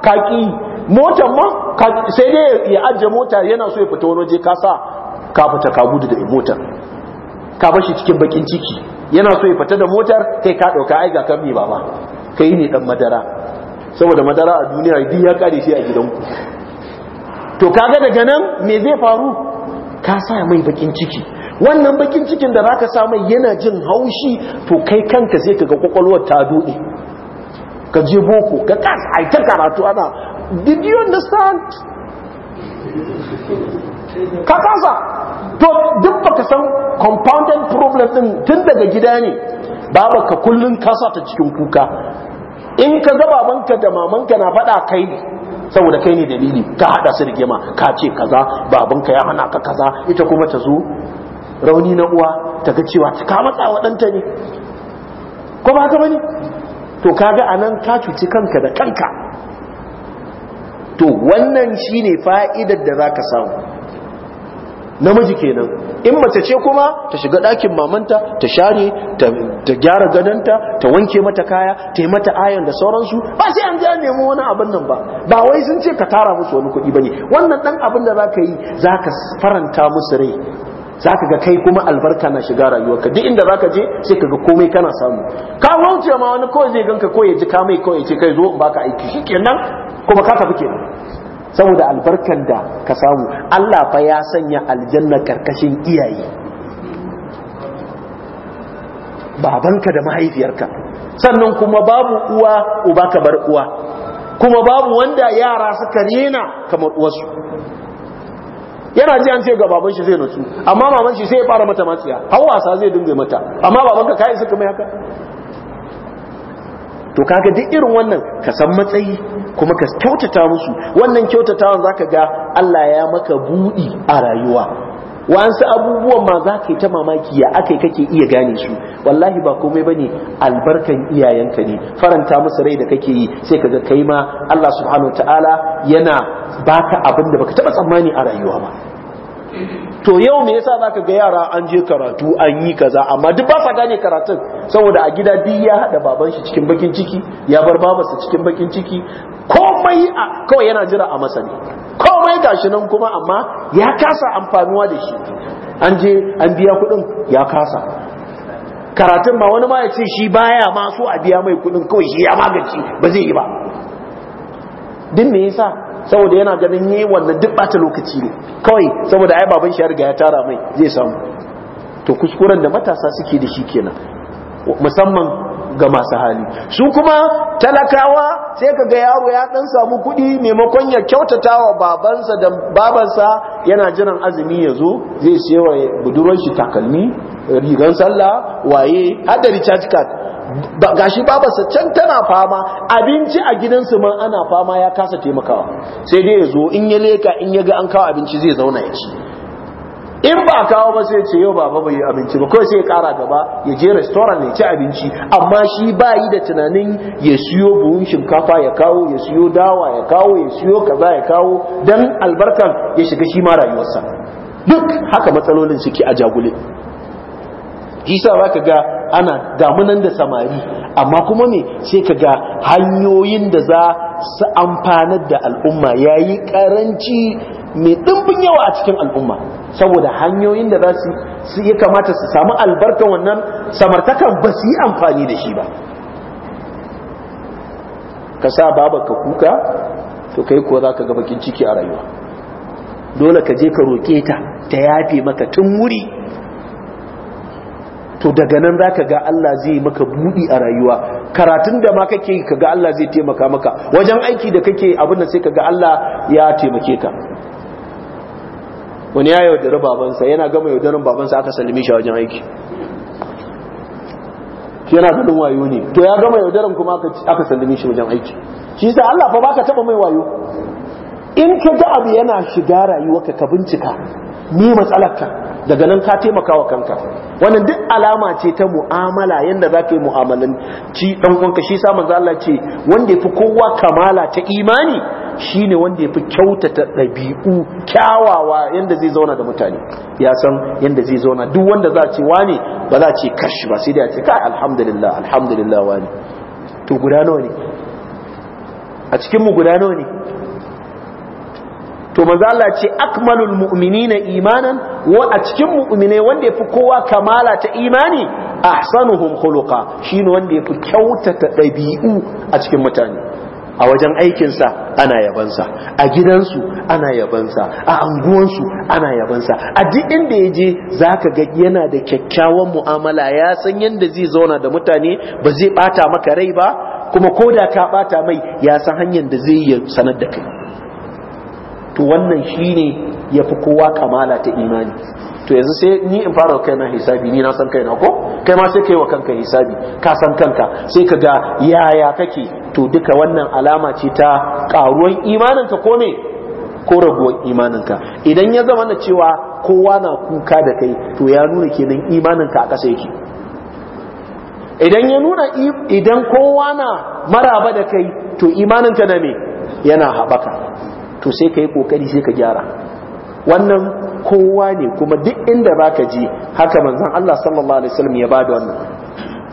kaki motar ma sai dai ya ajiye mota yana so ya fita wani waje ka sa ka fita ka gudu da motar ka bashi cikin bakin ciki yana so ya fita da motar kai ka dauka ai ga kan mi baba kai ne dan madara saboda madara a duniya duk ya kare shi a gidanku to kaga daga nan me zai faru ka sa mai bakin ciki wannan bakin cikin da zaka sa mai yana jin haushi to kai kanka sai kaga kwakwalwar ta dode ka je boko ka kasa ai ta karatu ana did you understand ka kasa to duk baka san compounded problem din tun daga gida ne ka kullun kasa ta cikin kuka in ka ga babanka da mamanka na faɗa kai saboda kai ne dalili ka hada su rigima ka ce kaza babanka ya hana ka kaza ita kuma ta zo rauni na uwa ta ga cewa ka kama wa ɗanta ne ko ba haka bane to kaga anan ka cuci kanka da kanka to wannan shine fa'idar da za ka samu namiji kenan in mace ce kuma ta shiga ɗakin mamanta ta share ta gyara gadonta ta wanke mata kaya ta yi mata ayan da sauransu ba sai an ja nemo wani abin nan ba ba wai sun ce ka tara musu wani kuɗi ba ne wannan ɗan abin da za ka yi za ka faranta musu rai za ka ga kai kuma albarka na shiga rayuwa ka duk inda za ka je sai ka ga komai kana samu ka wuce ma wani kawai zai ganka ko ya ji ka mai kawai ce kai zo in baka aiki shi kenan kuma ka tafi kenan saboda albarkan da ka samu Allah fa ya sanya aljanna karkashin iyaye babanka da mahaifiyarka sannan kuma babu uwa uba ka bar uwa kuma babu wanda yara suka rena kamar uwarsu yana ji an ce ga baban shi zai nutsu amma maman shi sai ya fara mata matsiya har wasa zai dinga mata amma babanka ka kai suka mai haka to kaga duk irin wannan ka san matsayi kuma ka kyautata musu wannan kyautatawan zaka ga Allah ya maka budi a rayuwa wa'ansu abubuwan ma za ka yi ta mamaki ya aka kake iya gane su wallahi ba komai ba ne albarkan iyayenka ne faranta musu rai da kake yi sai ka ga kai ma Allah subhanahu wa ta'ala yana baka abin da baka taɓa tsammani a rayuwa ba to yau me yasa zaka ga yara an je karatu an yi kaza amma duk ba sa gane karatun saboda a gida duk ya hada baban shi cikin bakin ciki ya bar babarsa cikin bakin ciki komai a kawai yana jira a masani komai gashi nan kuma amma ya kasa amfanuwa da shi an je an biya kuɗin ya kasa karatun ba wani ma ya ce shi baya ma so a biya mai kuɗin kawai shi ya magance ba zai yi ba din me yasa saboda yana ganin yi wannan duk bata lokaci ne kawai saboda ai baban shi ya riga ya tara mai zai samu to kuskuren da matasa suke da shi kenan musamman ga masu hali su kuma talakawa sai ka ga yaro ya dan samu kuɗi maimakon ya kyautata wa babansa da babansa yana jiran azumi ya zo zai sewa budurwar shi takalmi rigan sallah waye har da recharge card gashi babarsa can tana fama abinci a gidansu ma ana fama ya kasa taimakawa sai dai ya zo in ya leka in ya ga an kawo abinci zai zauna ya ci in ba kawo ba sai ce yau baba bai yi abinci ba kawai sai ya kara gaba ya je restaurant ya ci abinci amma shi ba yi da tunanin ya siyo buhun shinkafa ya kawo ya siyo dawa ya kawo ya siyo kaza ya kawo dan albarkan ya shiga shi ma rayuwarsa duk haka matsalolin suke a jagule shi sa ka ga ana damunan da samari amma kuma me sai ka ga hanyoyin da za su amfanar da al'umma ya yi karanci mai ɗimbin yawa a cikin al'umma saboda hanyoyin da za su yi kamata su samu albarkan wannan samartakan ba su yi amfani da shi ba ka sa ka kuka to kai kuwa za ka ga ciki a rayuwa dole ka je ka roƙe ta ta yafe maka tun wuri to daga nan za ka ga Allah zai maka buɗi a rayuwa karatun da ma kake ka ga Allah zai taimaka maka wajen aiki da kake abin da sai ka ga Allah ya taimake ka wani ya yaudari babansa yana gama yaudarin babansa aka sallame shi a wajen aiki yana ganin wayo ne to ya gama yaudarin kuma aka sallame shi wajen aiki shi sa Allah fa baka taba mai wayo in ka ga abu yana shiga rayuwarka ka bincika me matsalarka daga nan ka taimaka wa kanka wannan duk alama ce ta mu'amala yadda za ka yi mu'amalan ci ɗan uwanka shi sa manzo Allah ce wanda yafi kowa kamala ta imani shine wanda ya yafi kyautata ɗabi'u kyawawa yadda zai zauna da mutane ya san yadda zai zauna duk wanda za a ce wani ba za a ce kash ba sai dai a ce kai alhamdulillah alhamdulillah wani to guda nawa ne a cikin guda nawa ne to manzo Allah ce akmalul mu'minina imanan wa a cikin mu'mine wanda yafi kowa kamala ta imani ahsanuhum khuluqa shine wanda yafi kyautata dabi'u a cikin mutane a wajen aikinsa ana yabansa a gidansu ana yabansa a anguwansu ana yabansa a duk inda ya je za ga yana da kyakkyawan mu'amala ya san yadda zai zauna da mutane ba zai bata maka rai ba kuma ko da ka bata mai ya san hanyar da zai yi sanar da kai to wannan shine fi kowa kamala ta imani to yanzu sai ni in fara kai na hisabi ni na san kai na ko kai ma sai kai wa kanka hisabi ka san kanka sai ka ga yaya kake to duka wannan alama ce ta karuwan imaninka ko me ko raguwan imaninka idan ya zama na cewa kowa na kuka da kai to ya nuna kenan imaninka a kasa yake idan ya nuna idan kowa na maraba da kai to imaninka na me yana haɓaka to sai ka yi kokari sai ka gyara wannan kowa ne kuma duk inda baka ji haka manzan Allah sallallahu alaihi wasallam ya bada wannan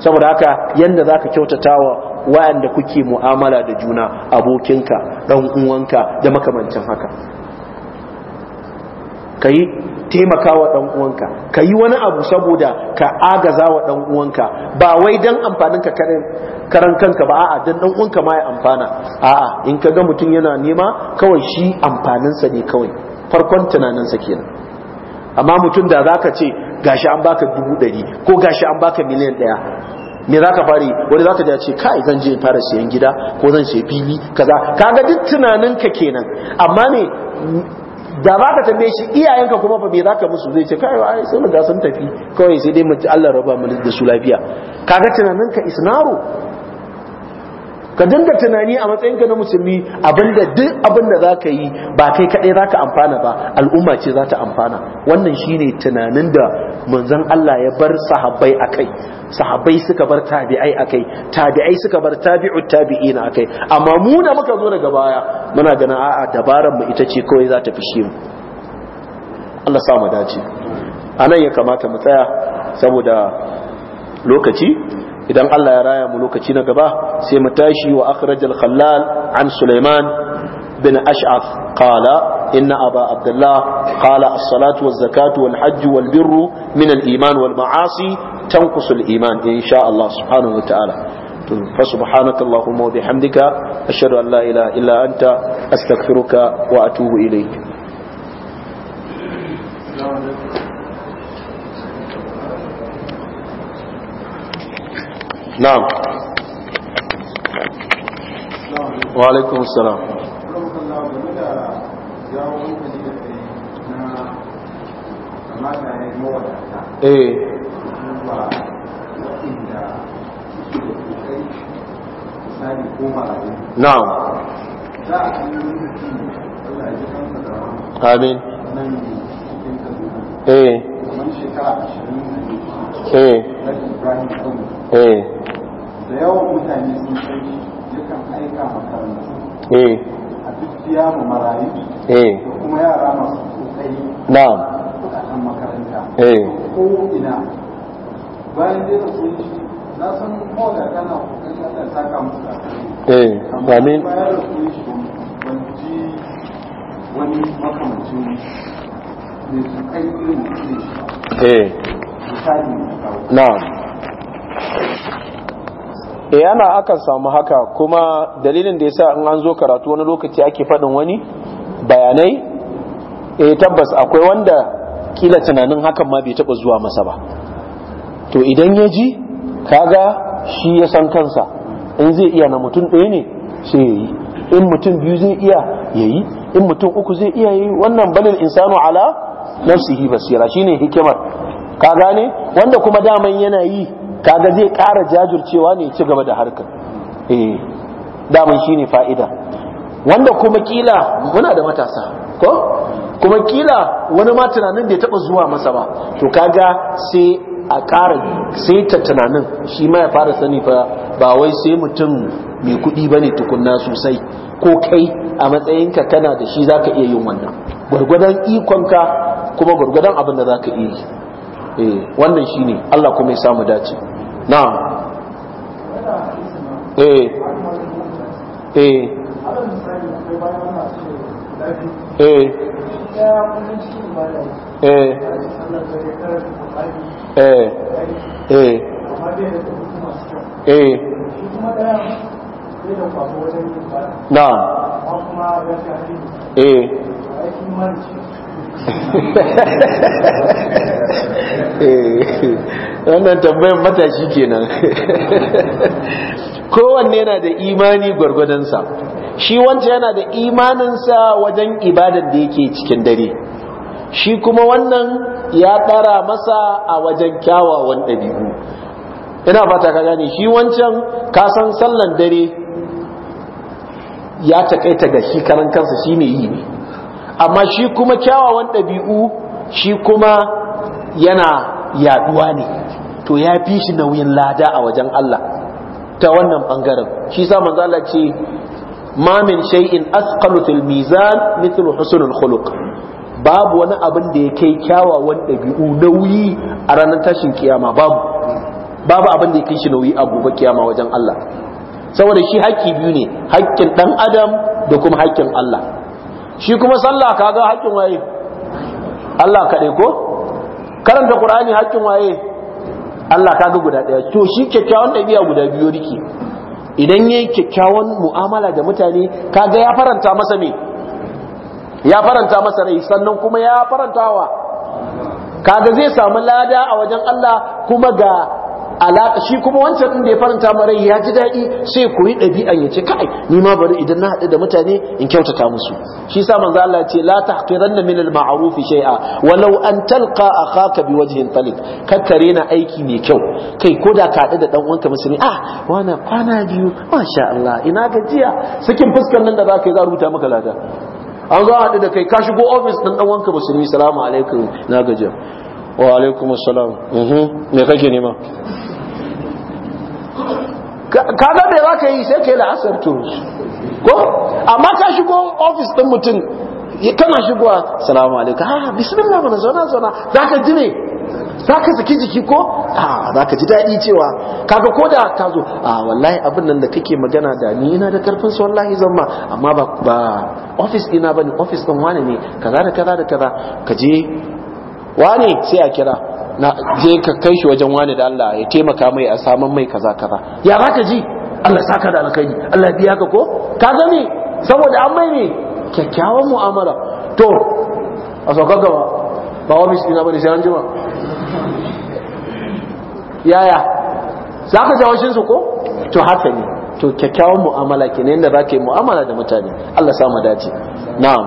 saboda haka yadda za ka kyautata wa wa'anda kuke mu'amala da juna abokinka dan uwanka da makamancin haka yi taimaka wa dan uwanka ka yi wani abu saboda ka agaza wa dan uwanka ba wai dan amfanin ka karan kanka ba a'a dan dan uwanka ma ya amfana a in ka ga mutum yana nema kawai shi amfaninsa ne kawai farkon tunaninsa kenan amma mutum da za ka ce gashi an baka dubu ɗari ko gashi an baka miliyan ɗaya me za ka fari wani za ka ja ce kai zan je fara siyan gida ko zan siya fili kaza ka ga duk tunanin ka kenan amma ne da ba ka tambaye shi iyayenka kuma ba me za ka musu zai ce kai ai sai mun ga sun tafi kawai sai dai mu Allah raba mu da su lafiya kaga ka isnaru ka dinga tunani a matsayinka na musulmi abinda duk abinda za ka yi ba kai kaɗai za ka amfana ba al'umma ce za ta amfana wannan shine tunanin da manzon Allah ya bar sahabbai a kai sahabbai suka bar tabi'ai a kai tabi'ai suka bar tabi'u tabi'ina a kai amma mu da muka zo daga baya muna ganin a'a dabaran mu ita ce kawai za ta fishe mu Allah sa mu dace anan ya kamata mu tsaya saboda lokaci idan Allah ya raya mu lokaci na gaba sai mu tashi wa akhraj al-khallal an Sulaiman bin ashaf qala inna aba abdullah qala as-salatu waz-zakatu wal wal-birru min al-iman wal-ma'asi tanqusu al-iman insha Allah subhanahu wa ta'ala فسبحانك اللهم وبحمدك أشهد أن لا إله إلا أنت أستغفرك وأتوب إليك na'am wa salam eh na'am amin eh eh, eh. da yawan mutane sun yakan aika makarantu eh. a duk mu eh. da kuma yara masu na'am makaranta eh. ko ina bayan dai na san kana eh bayan da shi ji wani su kai irin shi eh misali na yana akan samu haka kuma dalilin da yasa in an zo karatu wani lokaci ake faɗin wani bayanai E tabbas akwai wanda kila tunanin hakan ma bai taɓa zuwa masa ba to idan ya ji kaga shi ya san kansa in zai iya na mutum ɗaya ne sai ya yi in mutum biyu zai iya ya yi in mutum uku zai iya yi wannan balil insanu ala nafsihi basira shine hikimar ka gane wanda kuma daman yana yi kaga zai ƙara jajircewa ne ci gaba da harkar eh daman shine fa'ida wanda kuma kila muna da matasa ko kuma kila wani ma tunanin da ya taba zuwa masa ba to kaga sai a ƙara sai ta tunanin shi ma ya fara sani fa ba wai sai mutum mai kuɗi bane tukunna sosai ko kai a matsayinka kana da shi zaka iya yin wannan gwargwadon ikonka kuma gwargwadon abin da zaka iya yi Eh, wannan shi ne Allah kuma ya samu dace E eh eh eh eh eh eh eh eh Eh, wannan tambayin matashi kenan kowanne yana da imani gwargwadonsa shi wanda yana da imaninsa wajen ibadar da yake cikin dare shi kuma wannan ya ɗara masa a wajen kyawawan ɗabi'u ina fata ka gane shi wancan kasan sallan dare ya taƙaita ga shi karan kansa shi ne yi ne amma shi kuma kyawawan ɗabi'u shi kuma yana yaduwa ne to ya fi shi nauyin lada a wajen Allah ta wannan bangaren shi sa manzala ce ma min shay'in asqalu fil mizan mithlu husnul khuluq babu wani abin da ya kai kyawawan ɗabi'u nauyi a ranar tashin kiyama babu babu abin da ya kai shi nauyi a gobe kiyama wajen Allah saboda shi haƙƙi biyu ne haƙƙin ɗan adam da kuma haƙƙin Allah shi kuma sallah kaga haƙƙin waye Allah kaɗai ko karanta Qur'ani haƙƙin waye Allah kaga guda ɗaya to shi kyakkyawan ɗabi'a guda biyu rike idan yayi kyakkyawan mu'amala da mutane kaga ya faranta masa me ya faranta masa rai sannan kuma ya farantawa kaga zai samu lada a wajen Allah kuma ga alaka shi kuma wancan din da ya faranta mara ya ji daɗi sai koyi ɗabi'an ya ce kai ni ma bari idan na haɗu da mutane in kyautata musu shi yasa manzo Allah ce la tahqiranna min al-ma'ruf shay'a walau an talqa akhaka bi wajhin talib kakkare na aiki mai kyau kai koda ka haɗu da dan uwanka musulmi ah wana kwana biyu masha Allah ina gajiya sakin fuskar nan da zaka yi za rubuta maka lada an zo haɗu da kai ka shigo ofis ɗin ɗan wanka musulmi salamu alaikum na gajiya wa alaikum assalam mhm, me kake nema kaga me za ka yi sai ka yi la'asar to ko amma ka shigo ofis ɗin mutum kana shigowa salamu alaikum ha ah, bismillah mana zauna zauna za ka ji ne za ka saki jiki ko a ah, za ka ji daɗi cewa kaga ko da ka zo a ah, wallahi abin nan da kake magana da ni yana da karfin su wallahi zan ma amma ba ofis ɗina ba ne ofis ɗin wane ne kaza da kaza da kaza ka je wane sai a kira na je ka kai shi wajen wani da Allah ya taimaka mai a saman mai kaza kaza ya ka ji Allah saka da alkhairi Allah biya ka ko ka gani saboda an mai ne kyakkyawan mu'amala to a sauka gaba ba wa na bane sai an jima yaya za ka jawo shin su ko to haka ne to kyakkyawan mu'amala ke ne yadda za ka yi mu'amala da mutane Allah sa mu dace na'am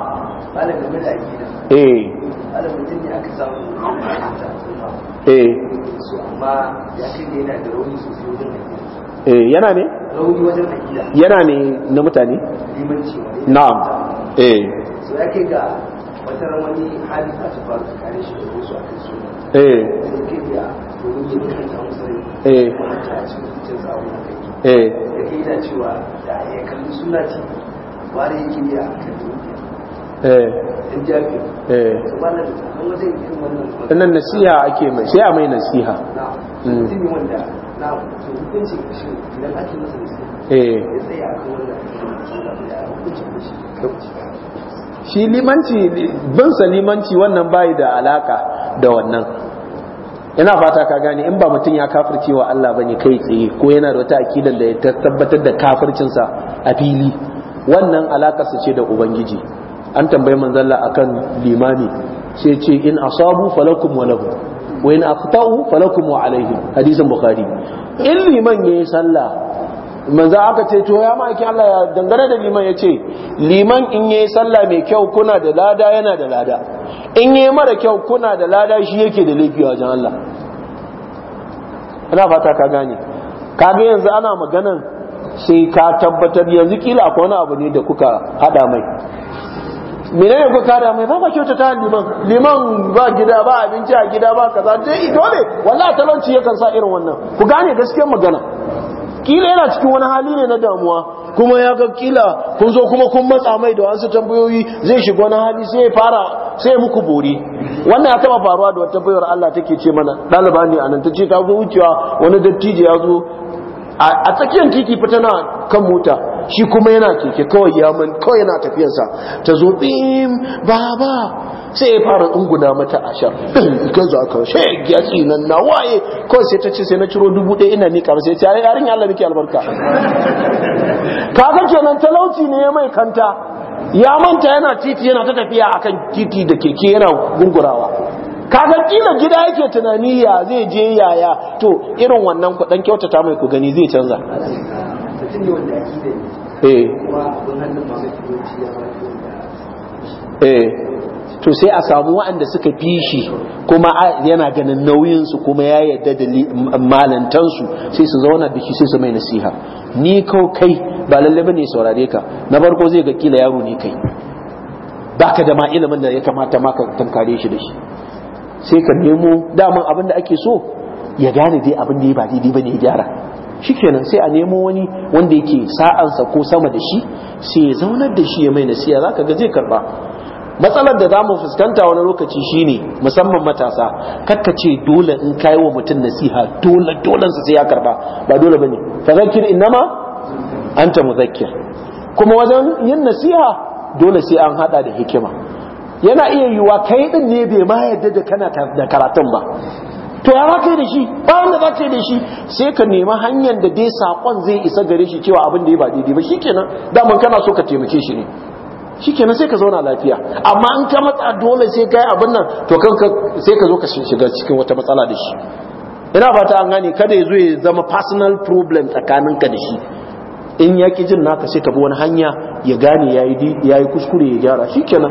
eh malamin da aka samu eh eh yana ne yana ne na mutane na'am eh so yake ga wata ramani hali ta su faru kare shi da wasu akan su eh yake domin yi mutum ta musulmi eh ta ci mutum sa wani eh. kai eh yake da cewa da ya kalli suna ci wani yake ya Eh. Eh. nan nasiha ake mai sai a mai nasiha mm. eh. shi limanci bansa limanci wannan bayi da alaka da wannan yana fata ka gane in ba mutum ya kafirce wa Allah bane kai tsaye ko yana da wata akidar da ya tabbatar da kafircinsa a fili wannan alakarsa ce da ubangiji an tambayi manzalla akan Limani. sai ce in asabu falakum wa lahu wa in aqta'u falakum wa alayhi hadisin bukhari in liman yayi sallah manzo aka ce to ya ma ma'aikin Allah ya dangane da liman yace liman in yayi sallah mai kyau kuna da lada yana da lada in yayi mara kyau kuna da lada shi yake da lafiya wajen Allah ina fata ka gane kaga yanzu ana maganan sai ka tabbatar yanzu kila akwai wani abu ne da kuka hada mai menene kuka da mai baba kyauta kyautata liman liman ba gida ba abinci a gida ba kaza dai dole wallahi ya yakan sa irin wannan ku gane gaskiyar magana kila yana cikin wani hali ne na damuwa kuma ya ga kila kun zo kuma kun matsa mai da wasu tambayoyi zai shiga wani hali sai ya fara sai muku bori wannan ya taba faruwa da wata bayar Allah take ce mana ɗaliba ne anan ta ce ta go wucewa wani dattijo ya zo a tsakiyar titi fa tana kan mota shi kuma yana keke kawai yaman kawai yana tafiyarsa ta zo bim baba sai ya fara tsunguna mata ashar kan za ka shi ya ci nan na waye kawai sai ta ce sai na ciro dubu ɗaya ina mika sai ta yarin Allah ke albarka kaga kenan talauci ne ya mai kanta ya manta yana titi yana ta tafiya akan titi da keke yana gungurawa kaga kila gida yake tunani ya zai je yaya to irin wannan kudan kyautata mai ku gani zai canza ne eh. eh. to sai a samu waɗanda suka fi shi kuma yana ganin nauyinsu kuma ya yarda da malantansu sai su zauna da shi sai su mai nasiha ni kau kai ba lalle ne saurare ka na farko zai ga kila yaro ne kai baka da ma ilimin da ya kamata ma ka tankare shi da shi sai ka nemo daman abin da ake so ya gane dai abin da ya ba daidai ne ya gyara shikenan sai a nemo wani wanda yake sa'ansa ko sama da shi sai ya zaunar da shi ya mai nasiha zaka ga zai karba matsalar da zamu fuskanta wani lokaci shine musamman matasa kakka ce dole in kai wa mutum nasiha dole dole sai ya karba ba dole bane fa zakir innama anta muzakkir kuma wajen yin nasiha dole sai an hada da hikima yana iya yiwa kai din ne bai ma yadda da kana da karatun ba to ya wace ka da shi ba wanda za ka yi da shi sai ka nemi hanyar da dai sakon zai isa gare shi cewa abin da ya ba daidai ba shi kenan daman kana so ka taimake shi ne shi sai ka zauna lafiya amma in ka matsa dole sai ka abin nan to kanka sai ka zo ka shiga cikin wata matsala da shi ina fata an gani kada ya zo ya zama personal problem tsakaninka da shi in ya ki jin naka sai ka bi wani hanya ya gane ya yi kuskure ya gyara shi kenan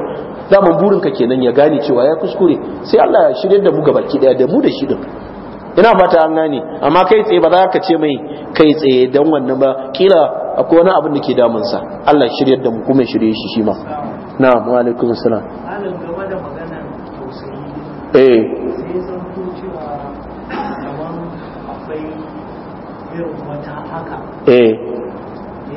daman burinka kenan ya gane cewa ya kuskure sai Allah ya shirya da mu gabaki daya da mu da shi din ina fata an gane amma kai tsaye ba za ka ce mai kai tsaye don wannan ba kila akwai wani abin da ke sa Allah ya shirya da mu kuma ya shirye shi shi ma na'am wa alaikum assalam eh eh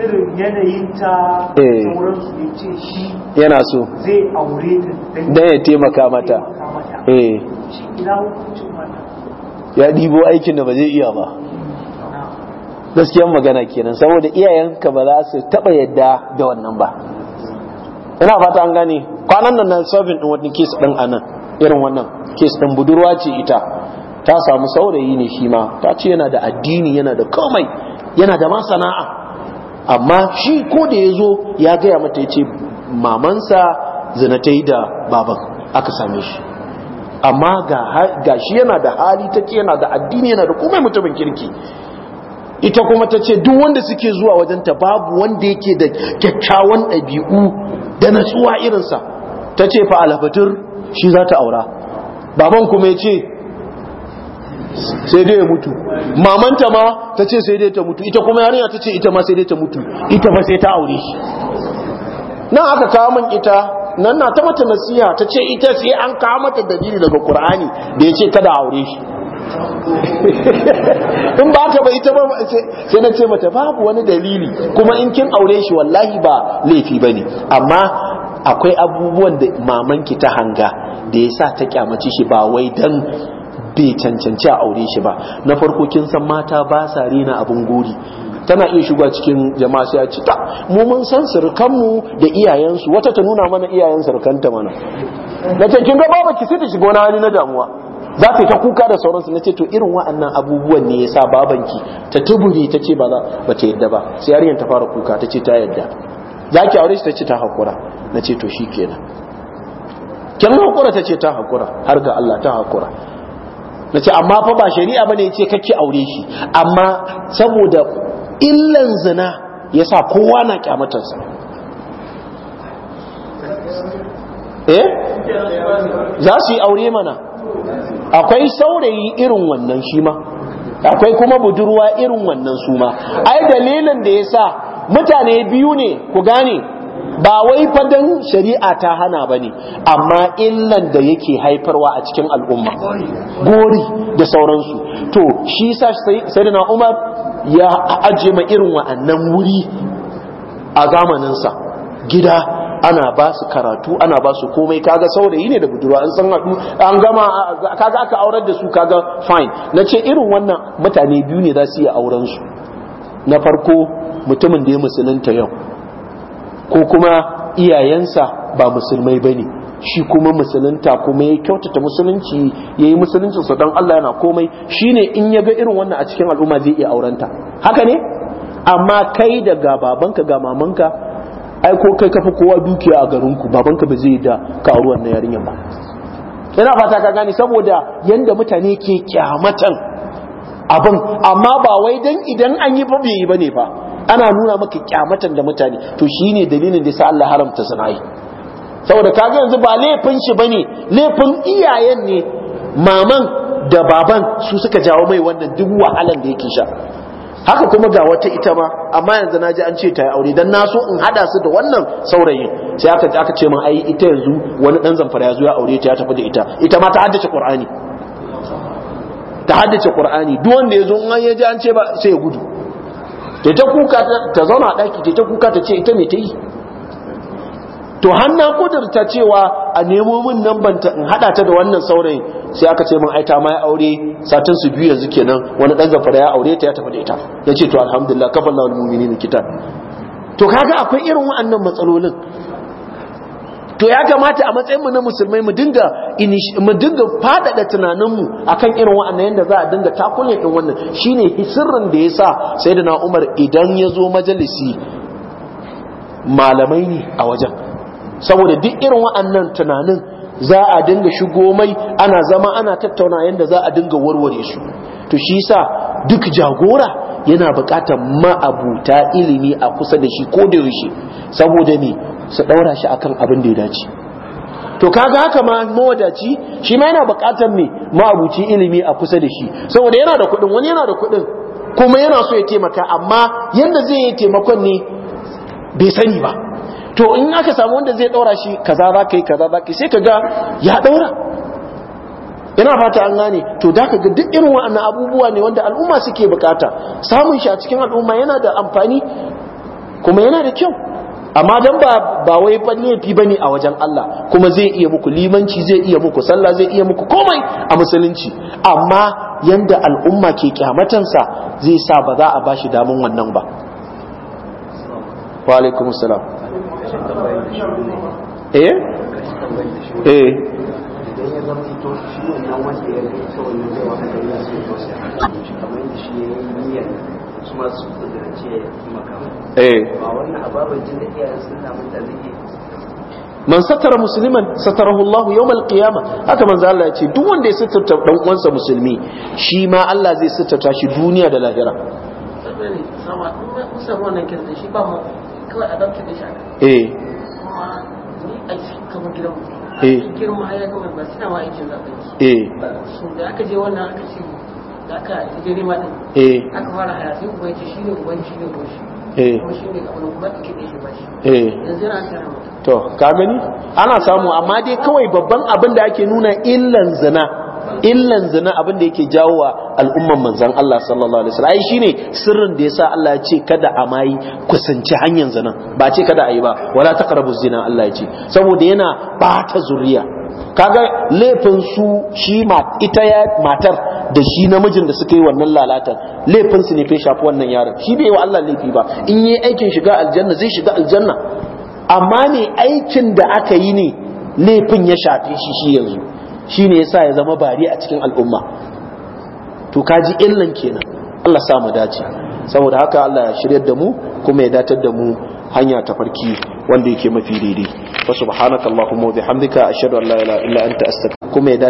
irin eh. yana so zai aure ta ya taimaka mata eh ya ɗibo aikin da ba zai iya ba gaskiyar magana kenan saboda iyayenka ba za su taɓa yadda da wannan ba ina fata an gane kwanan nan na sabin ɗin wani kes ɗin a nan irin wannan kes ɗin budurwa ce ita ta samu saurayi ne shi ma ta ce yana da addini yana da komai yana da masana'a sana'a amma shi ko da ya zo ya gaya mata ya ce mamansa zina ta yi da baban aka same shi amma ga shi yana da hali ta yana da addini yana da kuma mutumin kirki ita kuma ta ce duk wanda suke zuwa wajenta babu wanda yake da kyakkyawan ɗabi'u da natsuwa irinsa ta ce fa shi za ta aura baban kuma ya ce sai dai ya mutu mamanta ma ta ce sai dai ta mutu ita kuma yarinya ta ce ita ma sai dai ta mutu ita ba sai ta aure shi nan aka kawo min ita nan na ta mata nasiha ta ce ita sai an kawo mata dalili daga Qur'ani da ya ce kada aure shi in ba ta ba ita ba sai na ce mata babu wani dalili kuma in kin aure shi wallahi ba laifi bane amma akwai abubuwan da mamanki ta hanga da ya sa ta kyamaci shi ba wai dan bai cancanci a aure shi ba na farko kin san mata ba sa rena abin gori tana iya shiga cikin jama'a sai a ci ta mu mun san surukanmu da iyayensu wata ta nuna mana iyayen surukanta mana na ce kin ga baba ki sai shiga wani hali na damuwa za ta ta kuka da sauransu na ce to irin wa'annan abubuwan ne yasa babanki ta tuburi ta ce ba za ba ta yadda ba sai yarinyar ta fara kuka ta ce ta yadda za ki aure shi ta ce ta hakura na ce to shikenan kin hakura ta ce ta hakura har ga Allah ta hakura na ce amma fa ba shari'a bane ya ce kake aure shi amma saboda illan zina ya sa kowa na kyamatarsa eh za su yi aure mana akwai saurayi irin wannan shi ma akwai kuma budurwa irin wannan su ma ai dalilin da ya sa mutane biyu ne ku gane ba wai fadan shari'a ta hana ba ne amma illan da yake haifarwa a cikin al'umma gori da sauransu to shi sa sai da umar ya ajiye ma irin wa'annan wuri a zamaninsa gida ana ba su karatu ana ba su komai kaga saurayi ne da budurwa an san haɗu an gama kaga aka aurar da su kaga fine na ce irin wannan mutane biyu ne za su iya auren su na farko mutumin da ya musulunta yau ko kuma iyayensa ba musulmai bane shi kuma musulunta kuma ya kyautata musulunci ya yi musuluncin sa don Allah yana komai shi ne in ya ga irin wannan a cikin al'umma zai iya aurenta haka ne amma kai daga babanka ga mamanka ai ko kai kafa kowa dukiya a garinku babanka ba zai da karuwan na wannan yarinyar ba ina fata ka gane saboda yanda mutane ke kyamatan abin amma ba wai dan idan an yi ba bai yi ne ba. ana nuna maka kyamatan da mutane to shine dalilin da sa Allah haramta sana'i saboda kaga yanzu ba laifin shi bane laifin iyayen ne maman da baban su suka jawo mai wannan duk wahalan da yake sha haka kuma ga wata ita ma amma yanzu na ji an ce ta yi aure dan na in hada su da wannan saurayin sai aka aka ce min ai ita yanzu wani dan zamfara ya zo ya aure ta ya tafi da ita ita ma ta haddace qur'ani ta haddace qur'ani duk wanda ya zo in an ya ji an ce ba sai ya gudu ta ta kuka ta zauna a ɗaki ta ta kuka ta ce ita mai ta yi to hanna kudurta cewa a nemo min nan banta in haɗa ta da wannan saurayin sai aka ce min aita ma ya aure satin su biyu yanzu kenan wani ɗan zafara ya aure ta ya tafi da ita ya ce to alhamdulillah kafan wani mumini na kita to kaga akwai irin wa'annan matsalolin to ya kamata a matsayinmu na musulmai mu dinga mu dinga fadada tunaninmu akan irin wa'annan yanda za a dinga takulle din wannan shine sirrin da yasa sayyidina Umar idan ya zo majalisi malamai ne a wajen saboda duk irin wa'annan tunanin za a dinga shigo mai ana zama ana tattauna yanda za a dinga warware su to shi yasa duk jagora yana bukatar ma'abuta ilimi a kusa da shi ko da yaushe saboda ne su daura shi akan abin da ya dace to kaga haka ma mawadaci shi ma yana bukatar me ma'abuci ilimi a kusa da shi saboda yana da kuɗin wani yana da kuɗin kuma yana so ya taimaka amma yanda zai yi taimakon ne bai sani ba to in aka samu wanda zai daura shi kaza za ka kaza za ka sai ka ga ya daura Yana fata an gane to da ka ga duk irin wa'annan abubuwa ne wanda al'umma suke bukata samun shi a cikin al'umma yana da amfani kuma yana da kyau amma dan ba ba wai laifi bane a wajen Allah kuma zai iya muku limanci zai iya muku sallah zai iya muku komai a musulunci amma yadda al'umma ke kyamatansa zai sa ba za a bashi damun wannan ba wa alaikum salam eh eh idan ya su masu kudurance ya taimaka eh. ba wannan ababen jin da iyayen sun namun da zai man satara musulman satarahu Allah yawmal qiyamah haka manzo Allah ya ce duk wanda ya sattata dan uwansa musulmi shi ma Allah zai sattata shi duniya da lahira eh eh girma ya kuma ba suna wa aikin zaɓen eh so da aka je wannan aka ce aka jirgin mata eh. aka fara shine ko kamar kuma da shi eh. yanzu to ka gani ana samu amma dai kawai babban abin da ake nuna illan zina illan zina abin da yake jawo wa al'umman manzan Allah sallallahu alaihi wasallam ai shine sirrin da yasa Allah ya ce kada a mai kusanci hanyar zina ba ce kada a yi ba wala taqrabu zina Allah ya ce saboda yana bata zuriya kaga laifin su shi ita ya matar da shi namijin da suka yi wannan lalatar laifin su ne fa shafi wannan yaron shi bai wa Allah laifi ba in yi aikin shiga aljanna zai shiga aljanna amma ne aikin da aka yi ne laifin ya shafe shi shi yanzu shi ne yasa ya zama bari a cikin al'umma to kaji illan kenan Allah sa mu dace saboda haka Allah ya shiryar da mu kuma ya datar da mu hanya ta farki wanda yake mafi daidai wa subhanakallahumma wa bihamdika ashhadu an la ilaha illa anta astaghfiruka